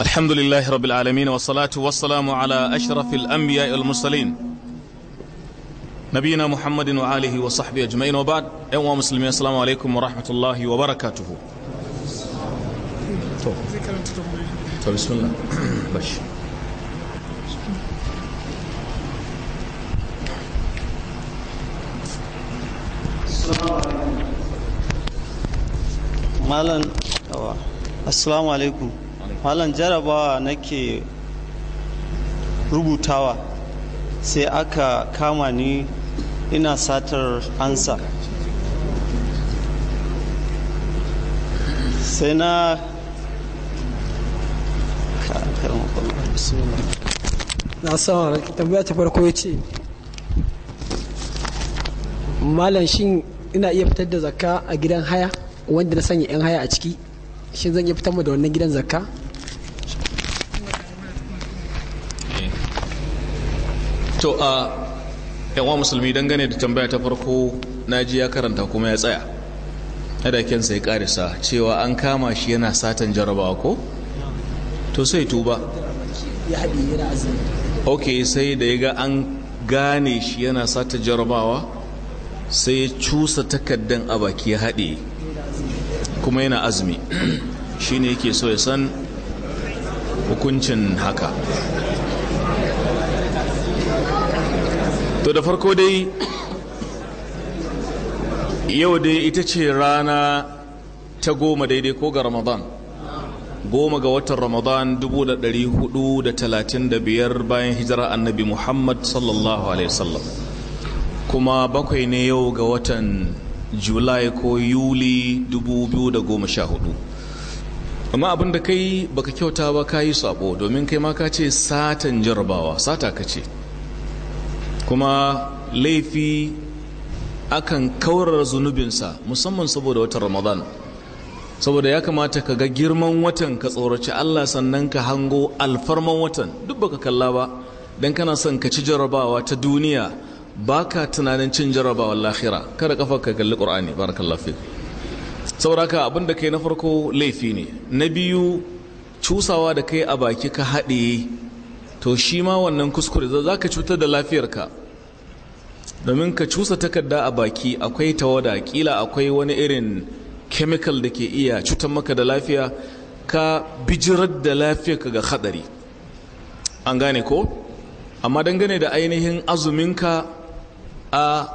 الحمد لله رب العالمين والصلاة والسلام على أشرف الأنبياء والمرسلين نبينا محمد وآله وصحبه أجمعين وبعد أيها مسلمين السلام عليكم ورحمة الله وبركاته بسم الله مالا السلام عليكم malam jarabawa nake rubutawa sai aka kama ni ina satar ansa sai na na sama tambaya ta farko ya ce malam shin ina iya fitar da zakka a gidan haya wanda na sanya 'yan haya a ciki shin zan iya fitar da wannan gidan zakka to a yawan musulmi dangane da tambaya ta farko na ji ya karanta kuma ya tsaya adakensa ya karisa cewa an kama shi yana satan jarabawa ko to sai tuba ok sai da ya ga an gane shi yana satan jarabawa sai ya cusa takaddan a baki ya haɗe kuma yana azumi ne yake so ya san hukuncin haka to da farko dai yau dai ita ce rana ta goma daidai ko ga ramadan goma ga watan ramadan 435 bayan hijira annabi muhammad sallallahu alaihi wasallam kuma bakwai ne yau ga watan julai ko yuli 2014 amma abin da kai baka kyauta ba ka yi sabo domin kai ma ka ce satan jarabawa sata ka ce kuma laifi akan kawar zunubinsa musamman saboda watan ramadan saboda ya kamata ka ga girman watan ka tsoraci allah sannan ka hango alfarman watan duk baka kalla ba don kana son ka ci jarabawa ta duniya ba ka tunanin cin jarabawa lahira kada kafa ka kalli ƙur'ani barakallahu fi saboda ka abin da kai na farko laifi ne na biyu cusawa da kai a baki ka haɗe to shi ma wannan kuskure za ka cutar da lafiyarka domin ka cusa takarda a baki akwai tawada kila akwai wani irin chemical da ke iya cutar maka da lafiya ka bijirar da lafiyarka ga hadari an gane ko amma dangane da ainihin azuminka a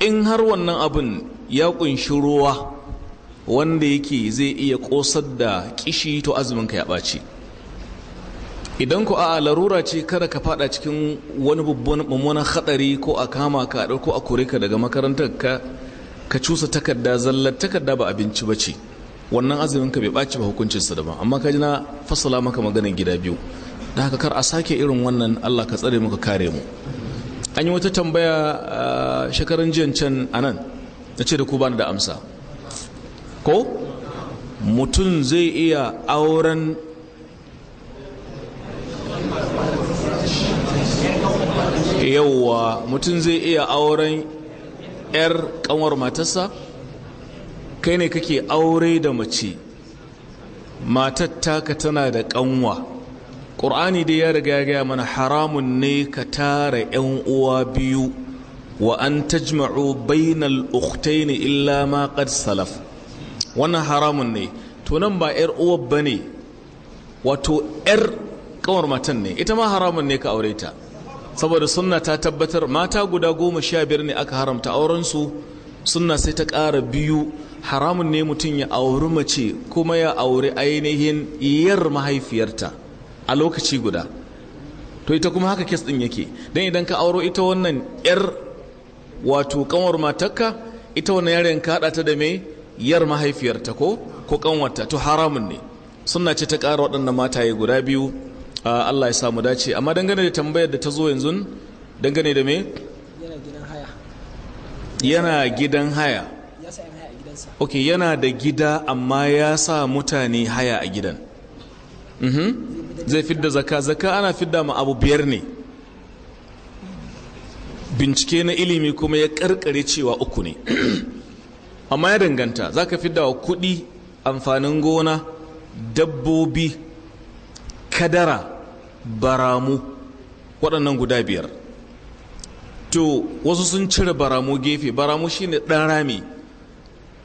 in har wannan abin ya kunshi ruwa wanda yake zai iya kosar da kishi to azuminka ya ɓaci idan ku a larura ce kada ka fada cikin wani babban mummunan hadari ko a kama ka ko a kore ka daga makarantar ka ka cusa takarda zallar takarda ba abinci ba ce wannan azumin ka bai baci ba hukuncinsa daban amma ka ji na fasala maka maganar gida biyu da haka kar a sake irin wannan Allah ka tsare muka kare mu an yi wata tambaya ah, shekaran jiyan can a nan na ce da ku bani da amsa ko mutum zai iya auren yauwa mutum zai iya auren 'yar kanwar matarsa kai ne kake aure da mace matar taka tana da kanwa ƙur'ani dai ya riga gaya mana haramun ne ka tara 'yan uwa biyu wa an tajma'u bainal ne illa ma qad salaf wannan haramun ne to nan ba 'yar uwa ne wato 'yar kawar matan ne ita ma haramun ne ka aure ta saboda sunna ta tabbatar mata guda goma sha biyar ne aka haramta aurensu sunna sai ta ƙara biyu haramun ne mutum ya auri mace kuma ya auri ainihin yar mahaifiyarta a lokaci guda to ita kuma haka kes ɗin yake don idan ka auro ita wannan yar wato kanwar matarka ita wannan yaren ka haɗa ta da mai yar mahaifiyarta ko ko kanwarta to haramun ne sunna ce ta ƙara waɗannan mataye guda biyu Ah, Allah ya samu dace amma dangane da tambayar da ta zo yanzu dangane da me yana gidan haya ok yana da gida amma ya sa mutane haya a gidan mhm. zai fidda zaka zaka ana fidda ma abu biyar ne bincike na ilimi kuma ya karkare cewa uku ne amma ya danganta za ka fidda wa kudi amfanin gona dabbobi kadara baramu waɗannan guda biyar to wasu sun cire baramu gefe baramu shine ɗan rami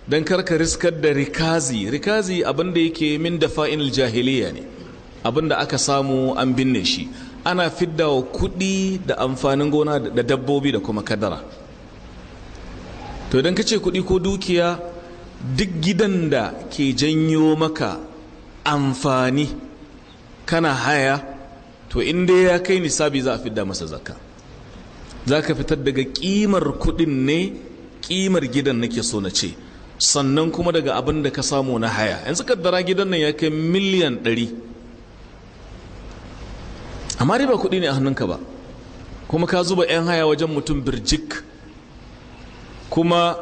don karka riskar da rikazi rikazi abinda yake min da fa'in jahiliya ne abinda aka samu an binne shi ana fidda wa kuɗi da amfanin gona da dabbobi da kuma kadara to idan ka ce kuɗi ko dukiya duk gidan da ke janyo maka amfani kana haya to in dai ya kai nisabi za a fidda masa zaka za ka fitar daga kimar kudin ne kimar gidan nake so na ce sannan kuma daga abin da ka samu na haya yanzu kaddara gidan nan ya kai miliyan ɗari amma riba kudi ne a hannunka ba kuma ka zuba 'yan haya wajen mutum birjik kuma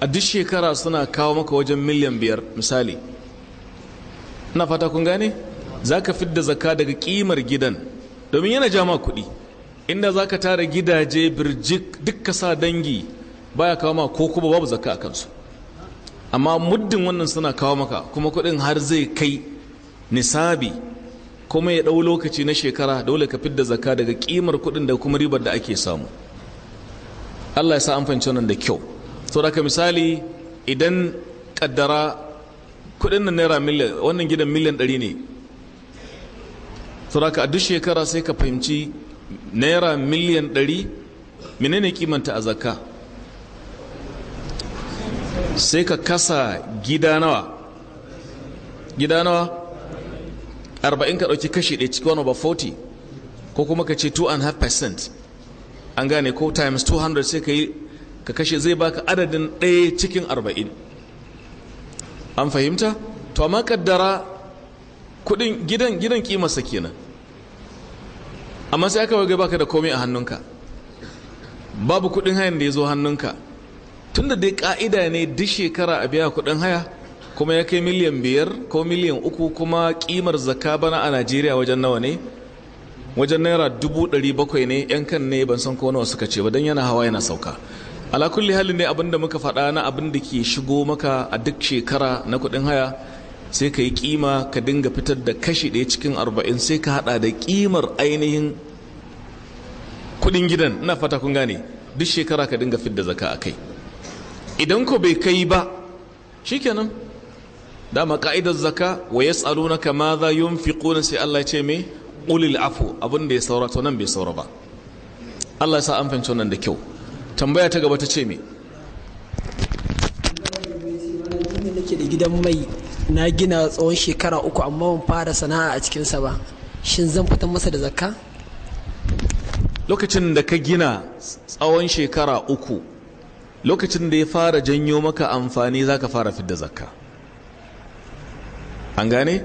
a duk shekara suna kawo maka wajen miliyan biyar misali na fata kun gane? za ka fidda zaka daga kimar gidan domin yana jama kuɗi inda za ka tara gidaje birjik duk sa dangi baya kawo ma ko kuma babu zaka a kansu amma muddin wannan suna kawo maka kuma kuɗin har zai kai nisabi kuma ya ɗau lokaci na shekara dole ka fidda zaka daga kimar kuɗin da kuma ribar da ake samu Allah ya sa an fahimci nan da kyau saboda ka misali idan kaddara kuɗin nan naira miliyan wannan gidan miliyan ɗari ne sauraka a duk shekara sai ka fahimci naira miliyan 100 menene kimanta a zakka sai ka kasa gida nawa gida nawa 40 ka dauki kashi ɗaya cikin wani ba 40 ko kuma ka ce 2.5% an gane ko times 200 sai ka yi ka kashe zai baka adadin ɗaya cikin 40 an fahimta to amma kaddara kudin gidan gidan kimarsa kenan amma sai aka waga baka da komai a hannunka babu kudin hayan da ya zo hannunka tunda dai ka'ida ne duk shekara a biya kudin haya kuma ya kai miliyan biyar ko miliyan uku kuma kimar zaka bana a najeriya wajen nawa ne wajen naira dubu ɗari bakwai ne yan kan ne ban san ko nawa suka ce ba don yana hawa yana sauka ala kulli halin ne da muka faɗa na abin da ke shigo maka a duk shekara na kuɗin haya sai ka yi kima ka dinga fitar da kashi ɗaya cikin arba'in sai ka hada da kimar ainihin kudin gidan na fata kun gane duk shekara ka dinga fidda zaka a kai idan ko bai kai ba shikenan dama ka'idar zaka wa na kama za ƙuna sai Allah ce me ƙulil afu abin da ya saura to nan bai saura ba Allah ya sa an fahimci wannan da kyau tambaya ta gaba ta ce me mai na gina tsawon shekara uku amma ban fara sana'a a cikinsa ba shin zan fitar masa da zakka lokacin da ka gina tsawon shekara uku lokacin da ya fara janyo maka amfani za ka fara fidda zakka an gane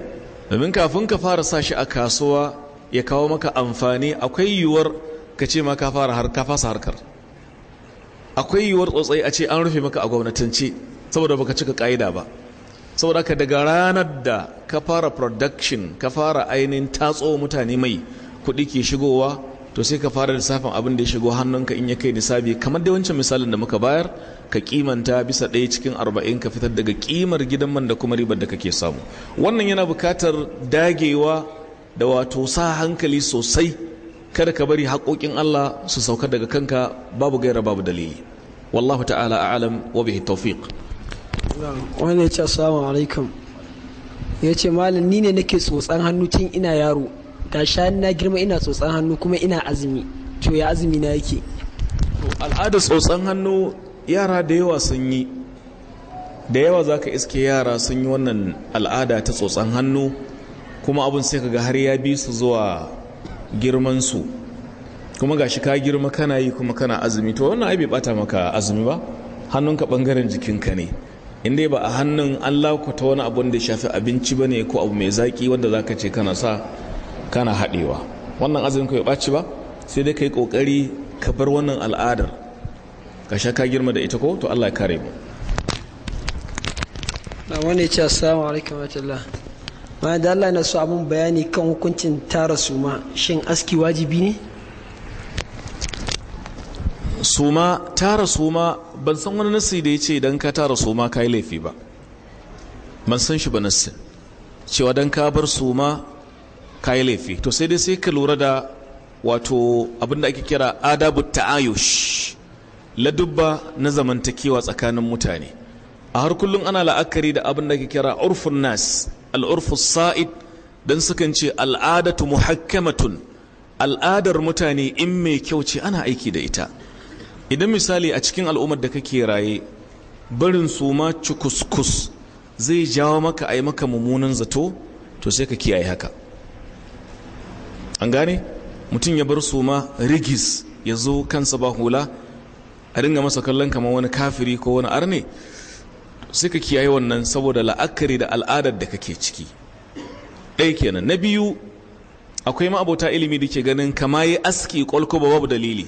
domin kafin ka fara sa shi a kasuwa ya kawo maka amfani akwai yiwuwar ka ce ma ka fara har ka fasa harkar akwai yiwuwar tsotsai a ce an rufe maka a gwamnatance saboda baka cika ka'ida ba saboda ka daga ranar da ka fara production ka fara ainihin tatso mutane mai kuɗi ke shigowa to sai ka fara lissafin abin da ya shigo hannunka in ya kai nisabi kamar da wancan misalin da muka bayar ka kimanta bisa ɗaya cikin arba'in ka fitar daga kimar gidan man da kuma ribar da kake samu wannan yana buƙatar dagewa da wato sa hankali sosai kada ka bari haƙoƙin Allah su sauka daga kanka babu gaira babu dalili wallahu ta'ala a'lam wa bihi tawfiq wani ya ce asalamu alaikum ya ce malam ni ne nake tsotsan hannu tun ina yaro ga shayan na girma ina tsotsan hannu kuma ina azumi to ya azumi na yake al'adar tsotsan hannu yara da yawa sun yi da yawa za ka iske yara sun yi wannan al'ada ta tsotsan hannu kuma abin sai ka ga har ya bi su zuwa girmansu kuma ga shi ka girma kana yi kuma kana azumi to wannan ai bai bata maka azumi ba hannunka bangaren jikinka ne in dai ba a hannun an ta wani abun da shafi abinci ba ne ko abu mai zaƙi wanda za ka ce kana sa kana haɗewa wannan azumin ka ya ɓaci ba sai dai ka yi ƙoƙari ka bar wannan al'adar ka sha ka girma da ita ko to allah ya kare mu wani ce assalamu alaikum wa ma da allah na so abun bayani kan hukuncin tara suma shin aski wajibi ne suma tara suma ban san wani nasi da ya ce idan ka tara suma ka yi laifi ba ban san shi ba nassin cewa don ka bar suma ka yi laifi to sai dai sai ka lura da wato abin da ake kira adabu ta'ayush ladubba na zamantakewa tsakanin mutane a har kullum ana la'akari da abin da ake kira urfun nas al'urfus sa'id don sukan ce al'adatu muhakkamatun al'adar mutane in mai kyau ce ana aiki da ita idan misali a cikin al'ummar da kake raye barin suma ma zai jawo maka a yi maka mummunan zato to sai ka kiyaye haka an gane mutum ya bar suma rigis ya zo kansa ba hula a dinga masa kallon kamar wani kafiri ko wani arne sai ka kiyaye wannan saboda la'akari da al'adar da kake ciki ɗaya kenan na biyu akwai ma'abota ilimi da ke ganin kama yi aski kwalko babu dalili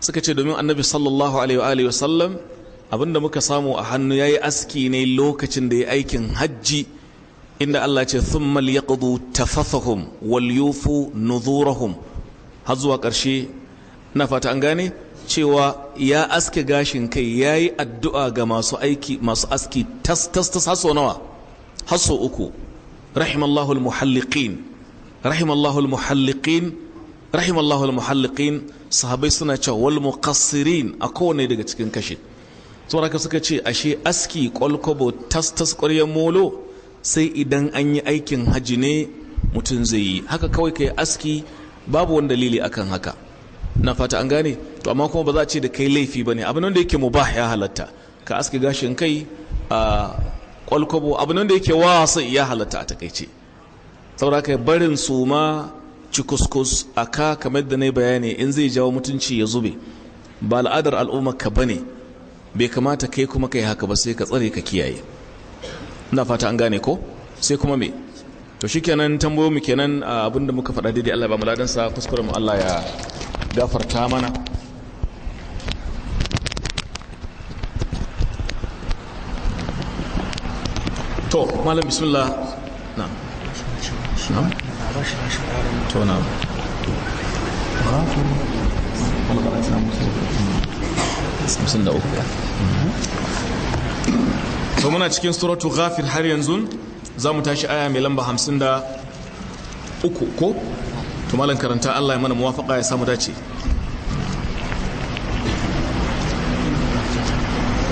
suka ce domin annabi sallallahu alaihi wa sallam abinda muka samu a hannu yayi aski ne lokacin da ya aikin hajji inda Allah ce thumma liyaqdu tafathahum wal yufu nuzurahum har zuwa ƙarshe na fata an gane cewa ya aske gashin kai yayi addu'a ga masu aiki masu aski tas tas tas haso nawa haso uku rahimallahu almuhalliqin rahimallahu almuhalliqin rahimallahu al sahabai suna cewa wal muqassirin a kowane daga cikin kashi saboda suka ce ashe aski kwalkwabo tas tas ƙwaryen molo sai idan an yi aikin haji ne mutum zai yi haka kawai kai aski babu wani dalili akan haka na fata an gane to amma kuma ba za a ce da kai laifi bane abin da yake mubah ya halatta ka aski gashin kai a kwalkwabo abin da yake wasa ya halatta a takaice saboda kai barin suma ci kuskus a ka kamar da na yi bayani in zai jawo mutunci ya zube ba al'adar ka ba ne bai kamata kai kuma kai haka ba sai ka tsare ka kiyaye ina fata an gane ko sai kuma me to shi kenan tambayo mu kenan da muka faɗa daidai Allah ba mu ladan sa kuskure mu Allah ya gafarta mana to malam bismillah na to muna cikin suratu ghafir har yanzu za mu tashi aya mai lamba hamsin da uku ko to karanta Allah ya mana muwafaka ya samu dace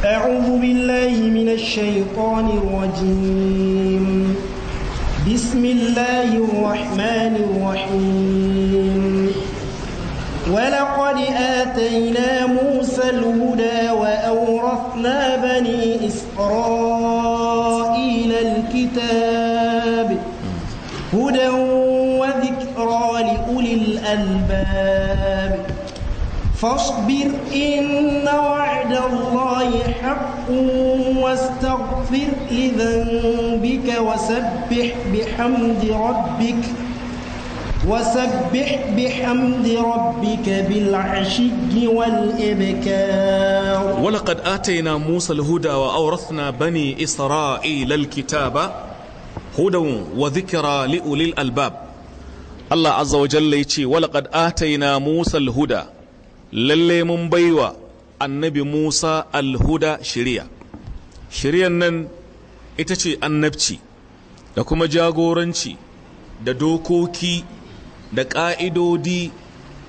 أعوذ بالله من الشيطان الرجيم بسم الله الرحمن الرحيم ولقد آتينا موسى الهدى وأورثنا بني إسرائيل الكتاب هدى وذكرى لأولي الألباب فاصبر إن وعد الله حق واستغفر لذنبك وسبح بحمد ربك وسبح بحمد ربك بالعشي والإبكار ولقد آتينا موسى الهدى وأورثنا بني إسرائيل الكتاب هدى وذكرى لأولي الألباب الله عز وجل يتي ولقد آتينا موسى الهدى lalle mun baiwa annabi Musa alhuda shiriya shiriyan nan ita ce annabci da kuma jagoranci da dokoki da ƙa'idodi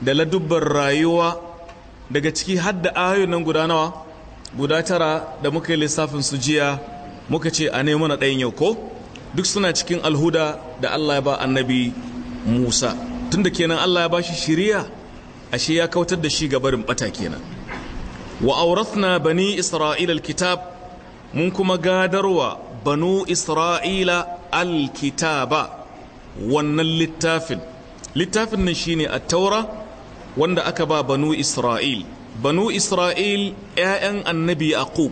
da ladubbar rayuwa daga ciki hadda ayoyin nan guda guda tara da muka yi lissafin su jiya muka ce a nemi na ɗayan yau ko duk suna cikin alhuda da Allah ya ba annabi Musa tunda kenan Allah ya ba shi shiriya ashe ya kautar da shi gabarin bata kenan wa auratna bani isra'ila alkitab mun kuma gadarwa banu isra'ila alkitaba wannan littafin littafin nan shine at-taura wanda aka ba banu isra'il banu isra'il ƴaƴan annabi yaqub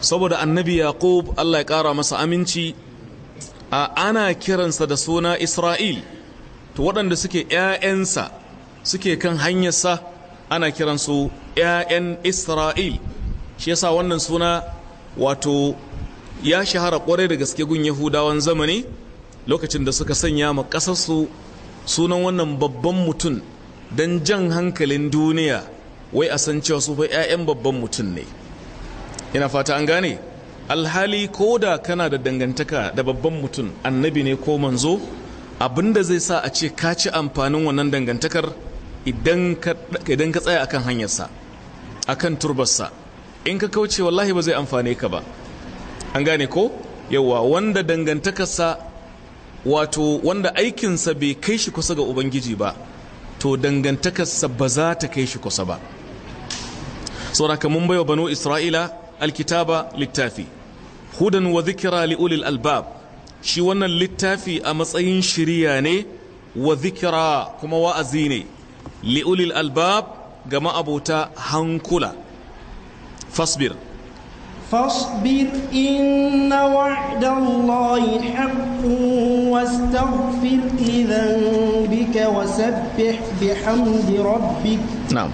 saboda annabi yaqub Allah ya kara masa aminci a ana kiransa da suna isra'il to waɗanda suke ƴaƴansa suke kan hanyarsa ana kiransu 'ya'yan isra'il shi yasa wannan suna wato ya shahara kwarai da gaske gun yahudawan zamani lokacin da suka sanya ma ƙasarsu sunan wannan babban mutum don jan hankalin duniya wai a san cewa su fa 'ya'yan babban mutum ne ina fata an gane alhali ko da kana da dangantaka da babban mutum annabi ne ko manzo abinda zai sa a ce ka ci amfanin wannan dangantakar idan ka tsaya akan hanyarsa akan turbarsa in ka kauce wallahi ba zai amfane ka ba an gane ko yawa wanda dangantakarsa wato wanda aikinsa bai kai shi kusa ga ubangiji ba to dangantakarsa ba za ta kai shi kusa ba sauraka mun baiwa banu isra'ila alkitaba littafi hudan wa zikira li'ulil albab shi wannan littafi a matsayin shirya ne wa zikira kuma wa'azi ne لأولي الألباب ga ma'abota هنكولا فاصبر فاصبر إن وعد الله حق واستغفر لذنبك وسبح بحمد ربك نعم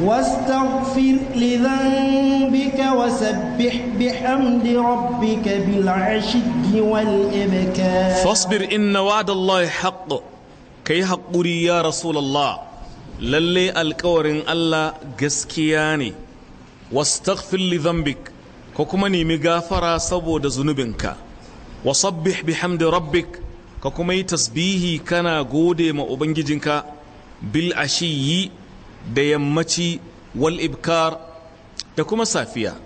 واستغفر لذنبك وسبح بحمد ربك بالعشي والإبكار فاصبر إن وعد الله حق كي حقري يا رسول الله lalle alkawarin Allah gaskiya ne wastaghfir li dhanbik ko kuma nemi gafara saboda zunubinka wasabbih bihamdi rabbik ka kuma yi tasbihi kana gode ma ubangijinka bil ashiyi da yammaci wal ibkar da kuma safiya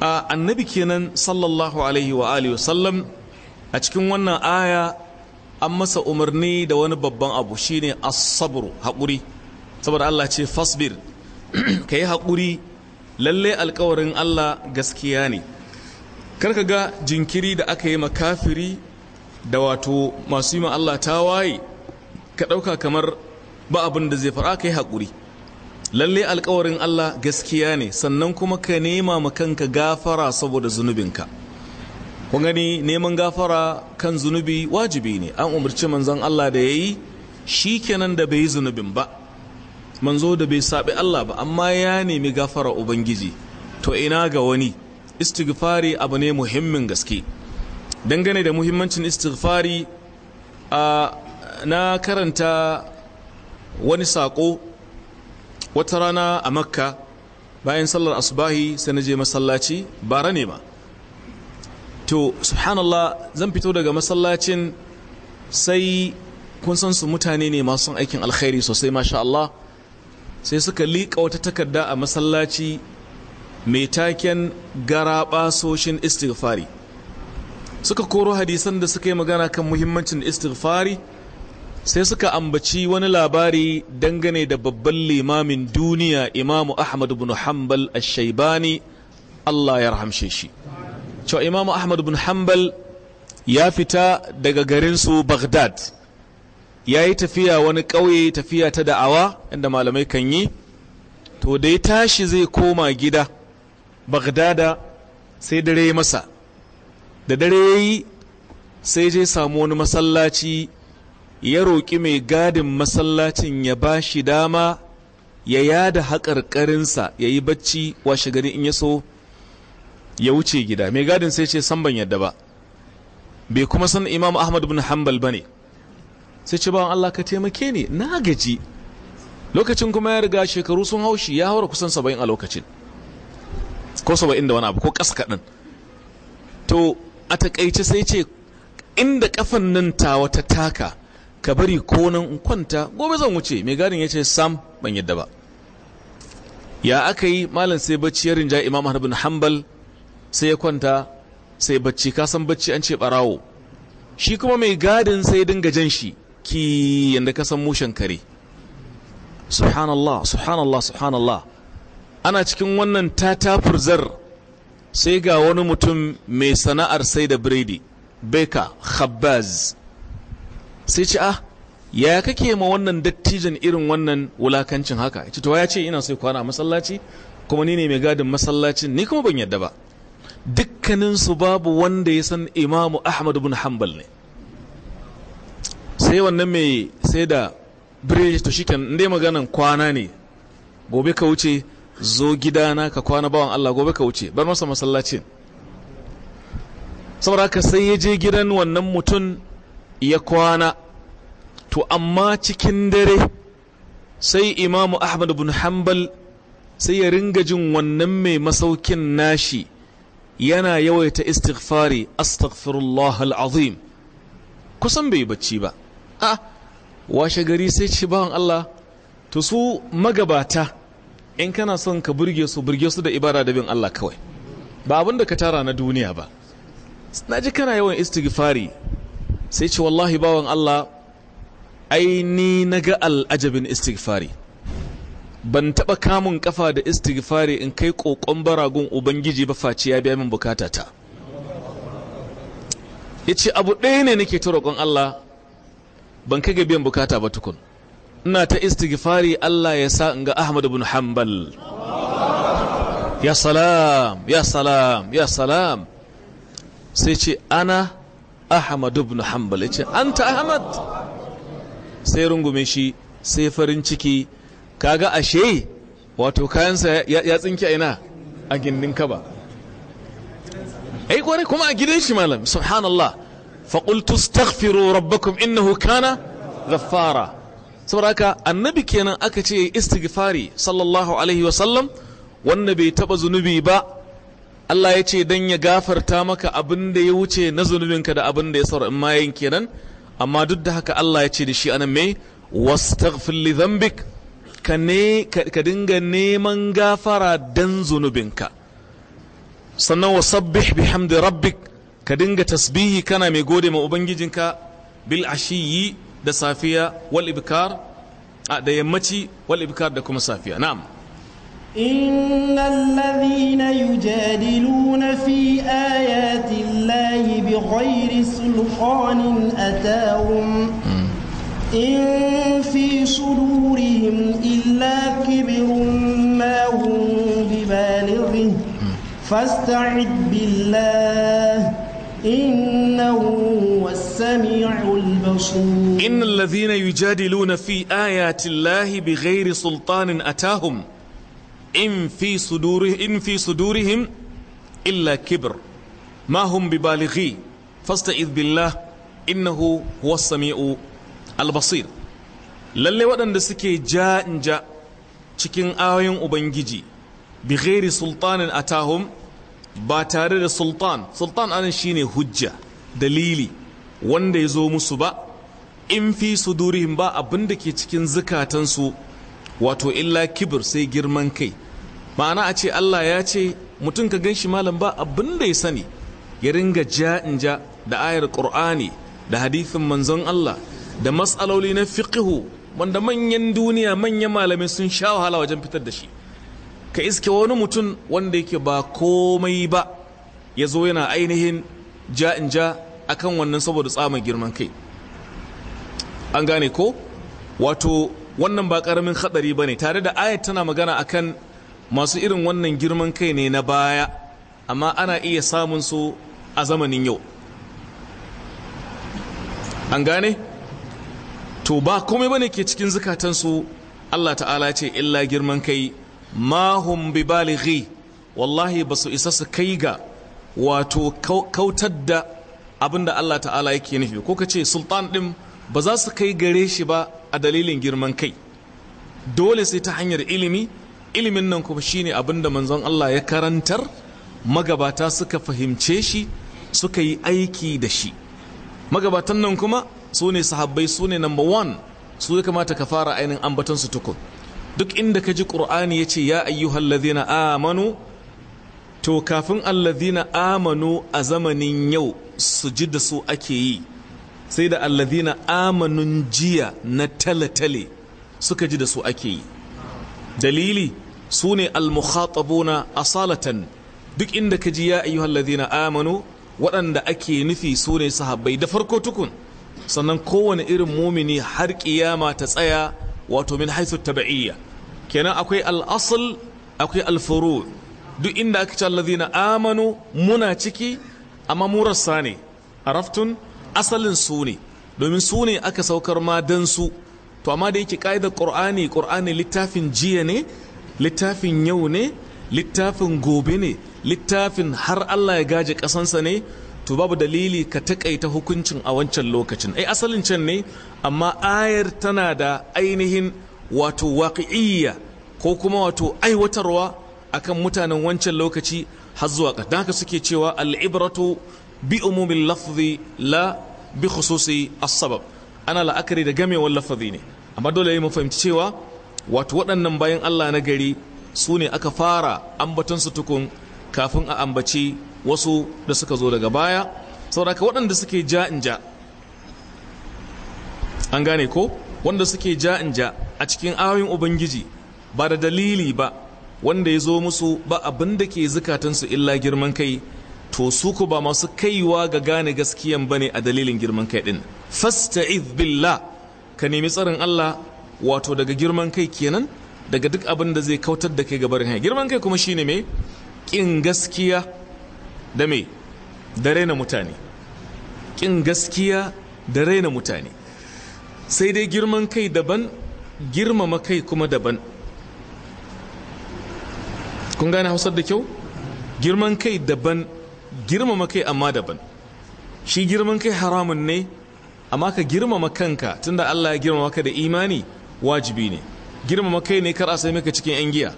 a annabi kenan sallallahu alaihi wa alihi sallam a cikin wannan aya an masa umarni da wani babban abu shine as-sabr haƙuri saboda Allah ce fasbir kai haƙuri lalle alƙawarin Allah gaskiya ne karka ga jinkiri da aka yi makafiri da wato masu yi Allah ta waye ka ɗauka kamar ba abin da zai fara ka yi haƙuri lalle alƙawarin Allah gaskiya ne sannan kuma ka nema ma kanka gafara saboda zunubinka kun gani neman gafara kan zunubi wajibi ne an umarci manzon Allah da yayi kenan da bai yi zunubin ba manzo da bai saɓi Allah ba amma ya nemi gafara ubangiji to ina ga wani istighfari abu ne muhimmin gaske dangane da muhimmancin istighfari a na karanta wani sako wata rana a makka bayan sallar asubahi sai na je masallaci bara ne ma to subhanallah zan fito daga masallacin sai kun san su mutane ne masu son aikin alkhairi sosai masha Allah sai suka liƙa wata takarda a masallaci mai taken garaba soshin istighfari suka koro hadisan da suka yi magana kan muhimmancin istighfari sai suka ambaci wani labari dangane da babban limamin duniya imamu ahmad bin hanbal al-shaibani Allah ya rahamshe shi cewa imamu ahmad bin hanbal ya fita daga garinsu bagdad ya yi tafiya wani ƙauye tafiya ta da'awa inda malamai kan yi to da ya tashi zai koma gida bagdada sai dare masa da dare ya yi sai zai samu wani masallaci ya roƙi mai gadin masallacin ya ba shi dama ya yada haƙarƙarinsa ya yi bacci washe gari in ya so ya wuce gida mai gadin sai ce san ban yadda ba bai kuma san imam ahmad bin hanbal ba ne sai ce bawan allah ka taimake ne na gaji lokacin kuma ya riga shekaru sun haushi ya haura kusan saba'in a lokacin ko saba'in da wani abu ko ƙas kaɗan to a taƙaice sai ce inda ƙafan nan ta wata taka ka bari ko nan in kwanta gobe zan wuce mai gadin ya ce sam ban yadda ba ya aka yi malam sai bacci ya rinja imam ahmad bin hanbal sai ya kwanta sai bacci kasan bacci an ce barawo shi kuma mai gadin sai dinga jan shi ki yanda ka san mushen kare subhanallah subhanallah subhanallah ana cikin wannan tatafurzar sai ga wani mutum mai sana'ar sai da biredi beka khabbaz sai ce ah ya kake ma wannan dattijan irin wannan wulakancin haka ya ce to ya ce ina sai kwana masallaci kuma ni ne mai gadin masallacin ni kuma ban yadda ba dukkaninsu babu wanda ya san imamu ahmad bin hanbal ne sai wannan mai sai da bridge to shiken inda maganan kwana ne gobe ka wuce zo gidana ka kwana bawan Allah gobe ka wuce bar masa masallacin saboda haka sai ya je gidan wannan mutum ya kwana to amma cikin dare sai imamu ahmad bin hanbal sai ya ringa jin wannan mai masaukin nashi yana yawaita istighfari astaghfirullah al'azim kusan bai bacci ba a ah, washe gari sai ci bawan Allah to su magabata in kana son ka burge su burge su da ibada da bin Allah kawai ba abin da ka tara na duniya ba na ji kana yawan istighfari sai ce wallahi bawan Allah ai ni naga al'ajabin istighfari ban taɓa kamun kafa da istighfari in kai ƙoƙon baragun ubangiji ba face ya biya min ta. ya ce abu ɗaya ne nake ta roƙon Allah ban kai ga biyan bukata ba tukun ina ta istighfari Allah ya sa in ga Ahmad bin Hanbal ya salam ya salam ya salam sai ce ana Ahmad bin Hanbal ya ce anta Ahmad sai rungume shi sai farin ciki kaga ashe wato kayansa ya tsinki a ina a gindin kaba ai kwarai kuma a gidan shi malam subhanallah faƙultu staghfiru rabbakum innahu kana ghaffara saboda haka annabi kenan aka ce istighfari sallallahu alaihi wa sallam, wanda bai taba zunubi ba Allah ya ce dan ya gafarta maka abin da ya wuce na zunubinka da abin da ya saura in ma kenan amma duk da haka Allah ya ce da shi anan mai wastaghfir li dhanbik ka dinga neman gafara dan zunubinka sannan wa sabbih hamdi rabbik ka dinga tasbihi kana mai gode ma ubangijinka bil ashiyi da safiya wal ibkar da yammaci wal ibkar da kuma safiya na'am إن الذين يجادلون في آيات الله بغير سلطان أتاهم إن في صدورهم إلا كبر ما هم ببالغه فاستعذ بالله إنه هو السميع البصير إن الذين يجادلون في آيات الله بغير سلطان أتاهم إن في صدوره إن في صدورهم إلا كبر ما هم ببالغي فاستعذ بالله إنه هو السميع البصير للي ودن دسكي جاء إن ja cikin ayoyin ubangiji bi ghairi sultanin atahum ba tare da sultan sultan anan shine hujja dalili wanda ya zo musu ba in fi sudurihim ba abin da ke cikin zukatansu wato illa kibir sai girman kai ma'ana a ce Allah ya ce mutum ka gan shi malam ba abin da ya sani ya ringa ja in ja da ayar ƙur'ani da hadithin manzon Allah da matsaloli na fiqihu wanda manyan duniya manyan malamai sun sha wahala wajen fitar da shi ka iske wani mutum wanda yake ba komai ba ya zo yana ainihin ja in ja a kan wannan saboda tsamin girman kai an gane ko wato wannan ba karamin haɗari ba ne tare da ayat tana magana akan masu irin wannan girman kai ne na baya amma ana iya samun su a zamanin yau an gane? to ba komai bane ke cikin zukatansu Allah ta'ala ce illa girman kai ma hum bi balighi wallahi basu isa su kai ga wato kautar da abinda Allah ta'ala yake nufi ko ka ce sultan ɗin ba za su kai gare shi ba a dalilin girman kai dole sai ta hanyar ilimi ilimin nan kuma shine da manzon Allah ya karantar magabata suka fahimce shi suka yi aiki da shi magabatan nan kuma su ne sahabbai su ne number one su ya kamata ka fara ainihin ambatansu tukun duk inda ka ji ƙur'ani ya ce ya ayyuhal ladhina amanu to kafin alladhina amanu a zamanin yau su ji da su ake yi sai da alladhina amanun jiya na tale-tale suka ji da su ake yi dalili su ne almukhatabuna asalatan duk inda ka ji ya ayyuhal ladhina amanu waɗanda ake nufi su ne sahabbai da farko tukun sannan kowane irin mumini har kiyama ta tsaya wato min haithu tabi'iyya kenan akwai al'asul, akwai alfuru duk inda aka ce allazina amanu muna ciki amma murarsa ne araftun asalin su ne domin su ne aka saukar ma dan su to amma da yake ƙa'idar ƙur'ani ƙur'ani littafin jiya ne littafin yau ne littafin gobe ne littafin har Allah ya gaje ƙasansa ne to babu dalili ka taƙaita hukuncin a wancan lokacin ai eh, asalin can ne amma ayar tana da ainihin wato waƙi'iyya ko kuma wato aiwatarwa akan mutanen wancan lokaci har zuwa ka haka suke cewa al'ibratu bi umumin lafzi la bi khususi as-sabab ana la'akari da gamewar lafazi ne amma dole mu fahimci cewa wato waɗannan bayan Allah na gari su ne aka fara ambaton su tukun kafin a ambaci wasu da suka zo daga baya sauraka waɗanda suke ja an gane ko wanda suke jainja ja a cikin ayoyin ubangiji ba da dalili ba wanda ya zo musu ba abin da ke zukatansu illa girman kai to su ku ba masu kaiwa ga gane gaskiyan bane a dalilin girman kai din fasta'iz billah ka nemi tsarin Allah wato daga girman kai kenan daga duk abin da zai kautar da kai ga barin girman kai kuma shine mai kin gaskiya da me da raina mutane ƙin gaskiya da raina mutane sai dai girman kai daban girmama kai kuma daban kun gane hausar da kyau girman kai daban girmama kai amma daban shi girman kai haramun ne amma ka girmama kanka tunda Allah ya girmama ka da imani wajibi ne girmama kai ne kar a sai maka cikin yan giya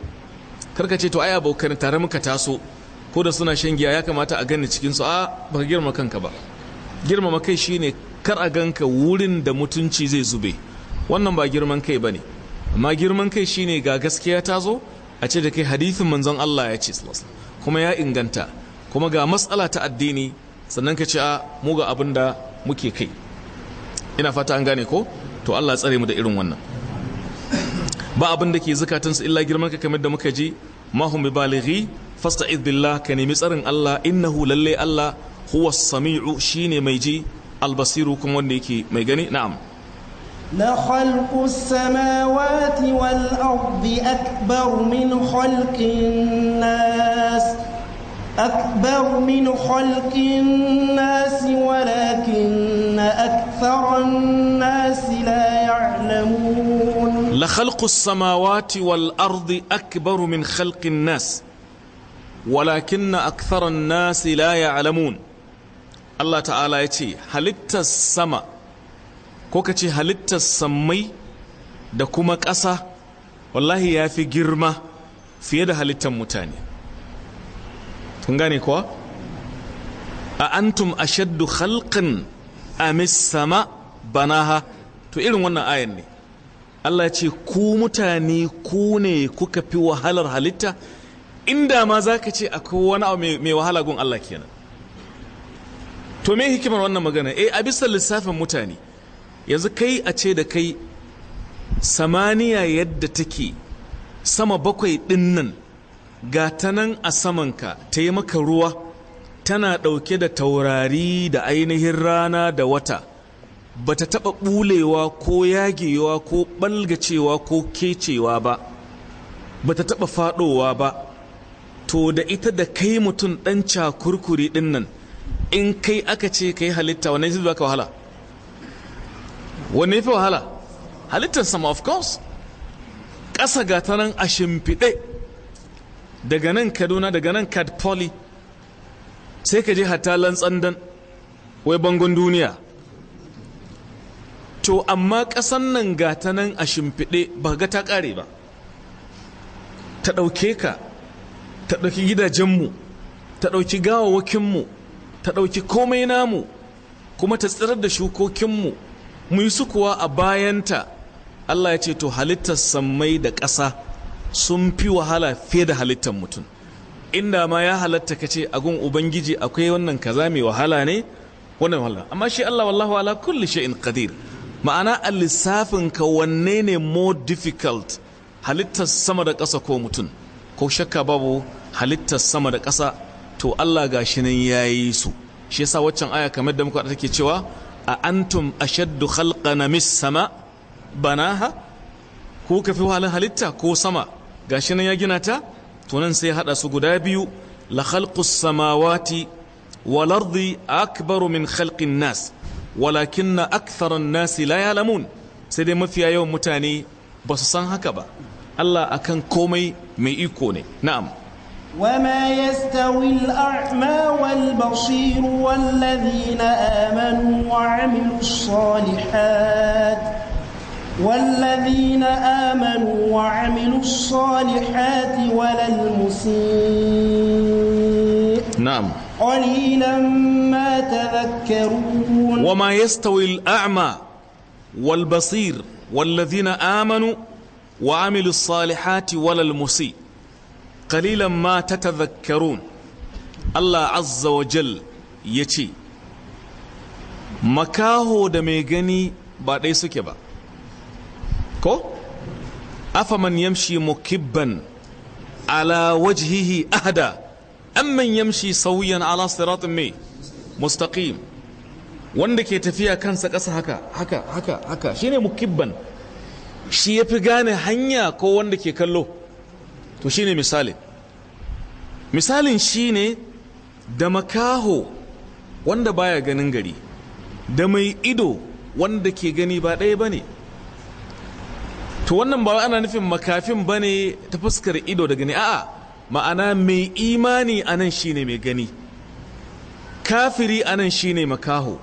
karka ce to ai abokan tare muka taso ko da suna shan giya ya kamata a gane cikinsu a baka girma kanka ba girmama kai shine kar a ganka wurin da mutunci zai zube wannan ba girman kai bane amma girman kai shine ga gaskiya ta zo a ce da kai hadithin manzon Allah ya ce kuma ya inganta kuma ga matsala ta addini sannan ka ce a mu ga abin da muke kai ina fata an gane ko to Allah tsare mu da irin wannan ba abin da ke zukatansu illa girman ka kamar da muka ji mahum bi balighi فاستعذ بالله كنيمي سرن الله إنه للي الله هو السميع شيني ميجي البصير كم ونيكي ميغني نعم لخلق السماوات والأرض أكبر من خلق الناس أكبر من خلق الناس ولكن أكثر الناس لا يعلمون لخلق السماوات والأرض أكبر من خلق الناس walakin na aktharan nasi la ya'lamun Allah ta'ala ya ce halittar sama ko ce halittar sammai da kuma ƙasa wallahi ya fi girma fiye da halittar mutane kun gane kuwa a antum ashaddu khalqin amis sama banaha to irin wannan ayan ne Allah ya ce ku mutane ku ne kuka fi wahalar halitta inda ma za ka ce akwai wani abu mai wahala gun Allah kenan to me hikimar wannan magana eh a bisa lissafin mutane yanzu kai a ce da kai samaniya yadda take sama bakwai dinnan ga ta nan a samanka ta yi maka ruwa tana ɗauke da taurari da ainihin rana da wata ba ta taɓa ɓulewa ko yagewa ko ɓalgacewa ko kecewa ba ba ta taɓa faɗowa ba to da ita da kai mutum ɗan cakurkuri ɗin nan in kai aka ce ka yi halitta wane zai baka wahala wane fi wahala halittar sama of course ƙasa ga ta nan a shimfiɗe daga nan kaduna daga nan kadpoli sai ka je hata tsandan wai bangon duniya to amma ƙasan nan ga ta nan a shimfiɗe ba ga ta ƙare ba ta ɗauke ka ta ɗauki gidajenmu ta ɗauki gawawakinmu ta ɗauki komai namu kuma ta tsirar da shukokinmu mu yi sukuwa a bayanta Allah ya ce to halittar sammai da ƙasa sun fi wahala fiye da halittar mutum inda ma ya halatta ka ce agun ubangiji akwai wannan kaza mai wahala ne wannan wahala amma shi Allah wallahu ala kulli shay'in qadir ma'ana a lissafin ka wanne ne more difficult halittar sama da ƙasa ko mutum ko shakka babu halittar sama da ƙasa to Allah shi nan yi su shi yasa waccan aya kamar da muka take cewa a antum ashaddu khalqana mis sama banaha ko ka fi halin halitta ko sama shi nan ya gina ta to nan sai hada su guda biyu la khalqus samawati wal ardi akbaru min khalqin nas walakinna akthara an-nas la ya'lamun sai dai mafiya yawan mutane ba su san haka ba Allah akan komai mai iko ne na'am وما يستوي الأعمى والبصير والذين آمنوا وعملوا الصالحات والذين آمنوا وعملوا الصالحات ولا المسيء نعم قليلا ما تذكرون وما يستوي الأعمى والبصير والذين آمنوا وعملوا الصالحات ولا المسيء qalilan ma tatadhakkarun Allah azza wa jal yace makaho da mai gani ba ɗaya suke ba ko man yamshi mukibban ala wajhihi ahada amman yamshi sauyan ala siratin mai mustaqim wanda ke tafiya kansa ƙasa haka haka haka haka shine mukibban shi yafi gane hanya ko wanda ke kallo to shine misali misalin shine da makaho wanda baya ganin gari da mai ido wanda ke gani ba ɗaya ba ne to wannan ba ana nufin makafin ba ne ta fuskar ido da gani a'a ma'ana mai imani anan nan mai gani kafiri anan shine makaho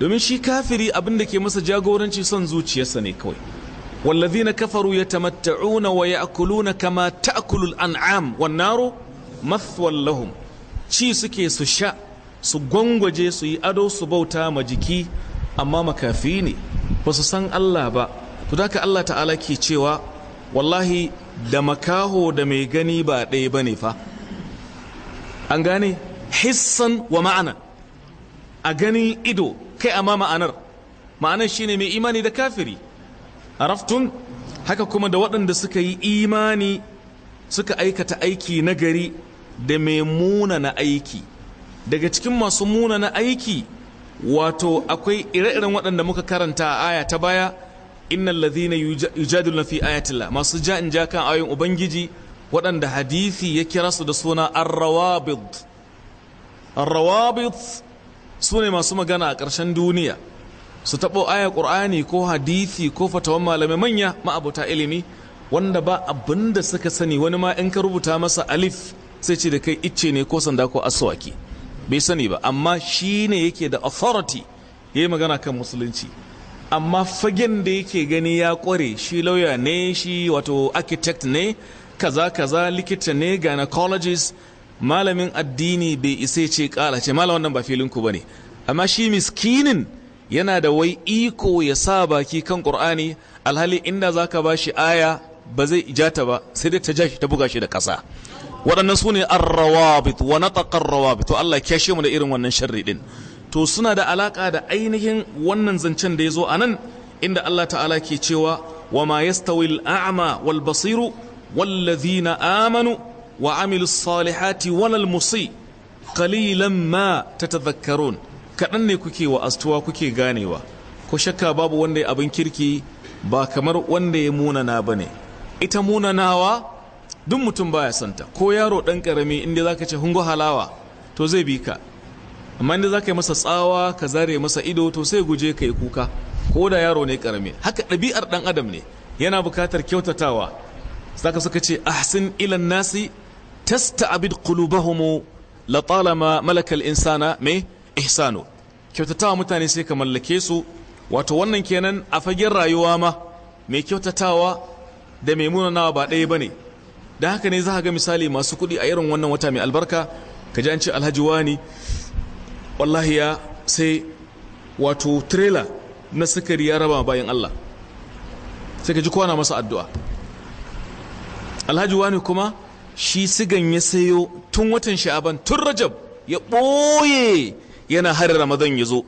domin shi kafiri abinda ke masa jagoranci son zuciyarsa ne kawai والذين كفروا يتمتعون ويأكلون كما تأكل الأنعام والنار مثوى لهم شي سكي سشا سقنجي سي أدو سبوتا مجكي أمام كافيني وسسن الله با تداك الله تعالى كي تشيوا والله دمكاهو دميغني با ديبني فا أنغاني حصا ومعنى أغني إدو كي أمام أنر معنى شيني مي إيماني دا كافري araftun haka kuma da waɗanda suka yi imani suka aikata aiki na gari da mai na aiki daga cikin masu muna na aiki wato akwai ire-iren waɗanda muka karanta a aya ta baya innal ladhina yujadiluna fi ayatillah masu ja'in ja kan ayoyin ubangiji waɗanda hadisi ya kira su da suna ar-rawabid ar-rawabid sune masu magana a ƙarshen duniya su taɓo aya ƙur'ani ko hadithi ko fatawan malamai manya ma'abuta ilimi wanda ba abin da suka sani wani ma in ka rubuta masa alif sai ce da kai icce ne ko sanda ko aswaki bai sani ba amma shi ne yake da authority ya yi magana kan musulunci amma fagen da yake gani ya kware shi lauya ne shi wato architect ne kaza kaza likita ne gynecologist malamin addini bai isa ce kala ce malam wannan ba filinku ba ne amma shi miskinin yana da wai iko ya sa baki kan ƙur'ani alhali inda za ka ba shi aya ba zai ijata ba sai dai ta ja shi ta buga shi da ƙasa waɗannan su ne arrawabit wa nataƙar rawabit to Allah kyashe mu da irin wannan sharri ɗin to suna da alaƙa da ainihin wannan zancen da ya zo a nan inda Allah ta'ala ke cewa wa ma yastawi al'ama wal basiru wallazina amanu wa amilus salihati wal musi qalilan ma tatadhakkarun kaɗan ne kuke wa astuwa kuke ganewa ko shakka babu wanda ya abin kirki ba kamar wanda ya munana ba ne ita munanawa duk mutum baya santa ko yaro ɗan ƙarami inda za ka ce hungo halawa to zai bi ka amma inda za ka yi masa tsawa ka zare masa ido to sai guje ka yi kuka ko da yaro ne ƙarami haka ɗabi'ar ɗan adam ne yana buƙatar kyautatawa za ka suka ce ahsin ilan nasi tasta abid qulubahum la talama malakal insana me ihsano kyautatawa mutane sai ka mallake su wato wannan kenan a fagen rayuwa ma mai kyautatawa da mai munanawa ba ɗaya bane da haka ne za ka ga misali masu kuɗi a irin wannan wata mai albarka ka ji an ce alhaji wani wallahi ya sai wato trailer na sukari ya raba bayan Allah sai ka ji kwana masa addu'a alhaji wani kuma shi sigan ya sayo tun watan sha'aban tun rajab ya ɓoye yana har ramadan ya zo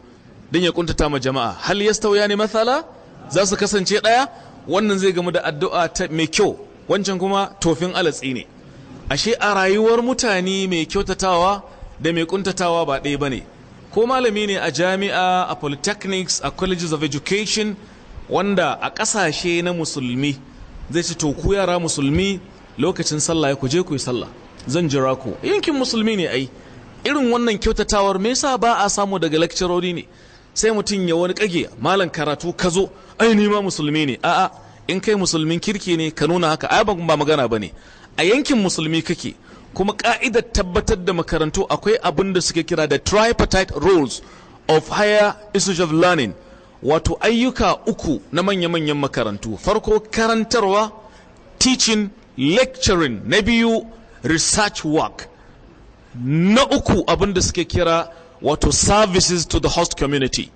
don ya kuntata ma jama'a hal yastawya ne matsala za su kasance ɗaya wannan zai gamu da addu'a ta mai kyau wancan kuma tofin alatsi ne ashe a rayuwar mutane mai kyautatawa da mai kuntatawa ba ɗaya bane ko malami ne a jami'a a polytechnics a colleges of education wanda a ƙasashe na musulmi zai ci to ku yara musulmi lokacin sallah ya ku je ku yi sallah zan jira ku yankin musulmi ne ai irin wannan kyautatawar me yasa ba a samu daga lakcirori ne sai mutum ya wani kage malam karatu ka zo ai ni ma musulmi ne a'a in kai musulmin kirki ne ka nuna haka ai ba magana ba ne." a yankin musulmi kake kuma ka'idar tabbatar da makarantu akwai abin da suke kira da tripartite rules of higher institute of learning wato ayyuka uku na manya-manyan makarantu farko karantarwa teaching lecturing na biyu research work na uku abin suke kira wato services to the host community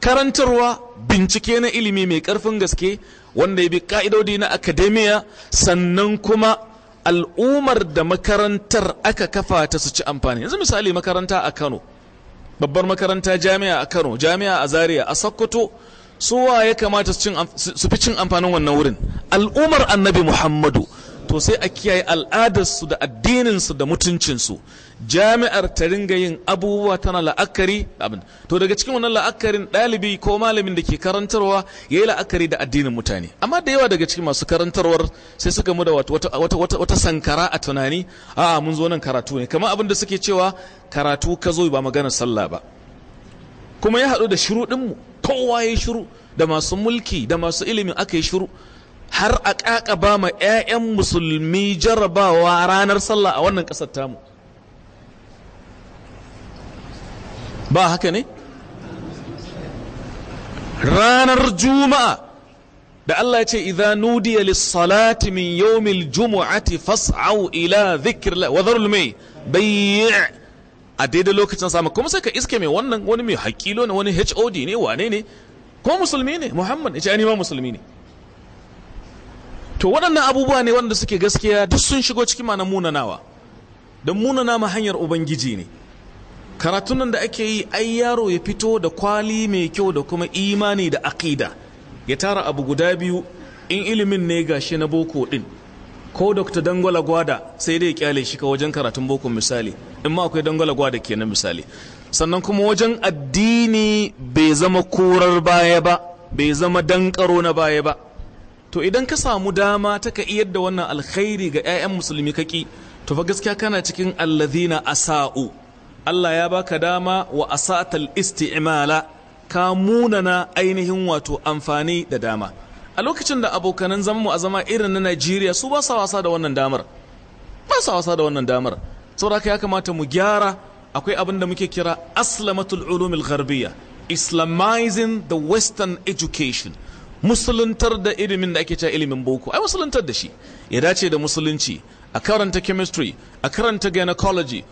karantarwa bincike na ilimi mai karfin gaske wanda ya bi ka'idodi na akademiya sannan kuma al'ummar da makarantar aka kafa ta su ci amfani yanzu misali makaranta a kano babbar makaranta jami'a a kano jami'a a zaria a sokoto su waye ya kamata su fi cin amfanin wannan wurin al'ummar annabi muhammadu to sai a kiyaye al'adarsu da addininsu da mutuncinsu jami'ar ta ringa yin abubuwa tana la'akari abin to daga cikin wannan la'akarin ɗalibi ko malamin da ke karantarwa ya yi la'akari da addinin mutane amma da yawa daga cikin masu karantarwar sai suka mu da wata, sankara a tunani a mun zo nan karatu ne kamar abin da suke cewa karatu ka zo ba maganar sallah ba kuma ya haɗu da shiru ɗinmu kowa ya shiru da masu mulki da masu ilimin aka yi shiru har a ba ma 'ya'yan musulmi jarabawa ranar sallah a wannan ƙasar tamu ba haka ne ranar juma'a da Allah ya ce idza nudiya lis-salati min yawmil jumu'ati fas'au ila dhikrillah wa dharul mai bay' a daidai lokacin sama kuma sai ka iske mai wannan wani mai hakilo ne wani HOD ne wane ne ko musulmi ne Muhammad ya ce ani ma musulmi ne to waɗannan abubuwa ne wanda suke gaskiya duk sun shigo cikin mana munanawa don munana ma hanyar ubangiji ne karatun da ake yi ai yaro ya fito da kwali mai kyau da kuma imani da aƙida ya tara abu guda biyu in ilimin ne gashi na boko din ko dr dangwala gwada sai dai kyale shi ka wajen karatun boko misali in ma akwai dangwala gwada kenan misali sannan kuma wajen addini bai zama korar baya ba bai zama dankaro na baya ba to idan ka samu dama ta ka iyar da wannan alkhairi ga 'ya'yan musulmi kaki to fa gaskiya kana cikin alladhina asa'u Allah ya baka dama wa asatal isti'mala ka munana ainihin wato amfani da dama a lokacin da abokanan zamanmu a zama irin na Najeriya su ba sa wasa da wannan damar ba sa wasa da wannan damar saboda ya kamata mu gyara akwai abin da muke kira aslamatul ulumil gharbiya islamizing the western education musuluntar da ilimin da ake cewa ilimin boko ai musuluntar da shi ya dace da musulunci a karanta chemistry a karanta gynecology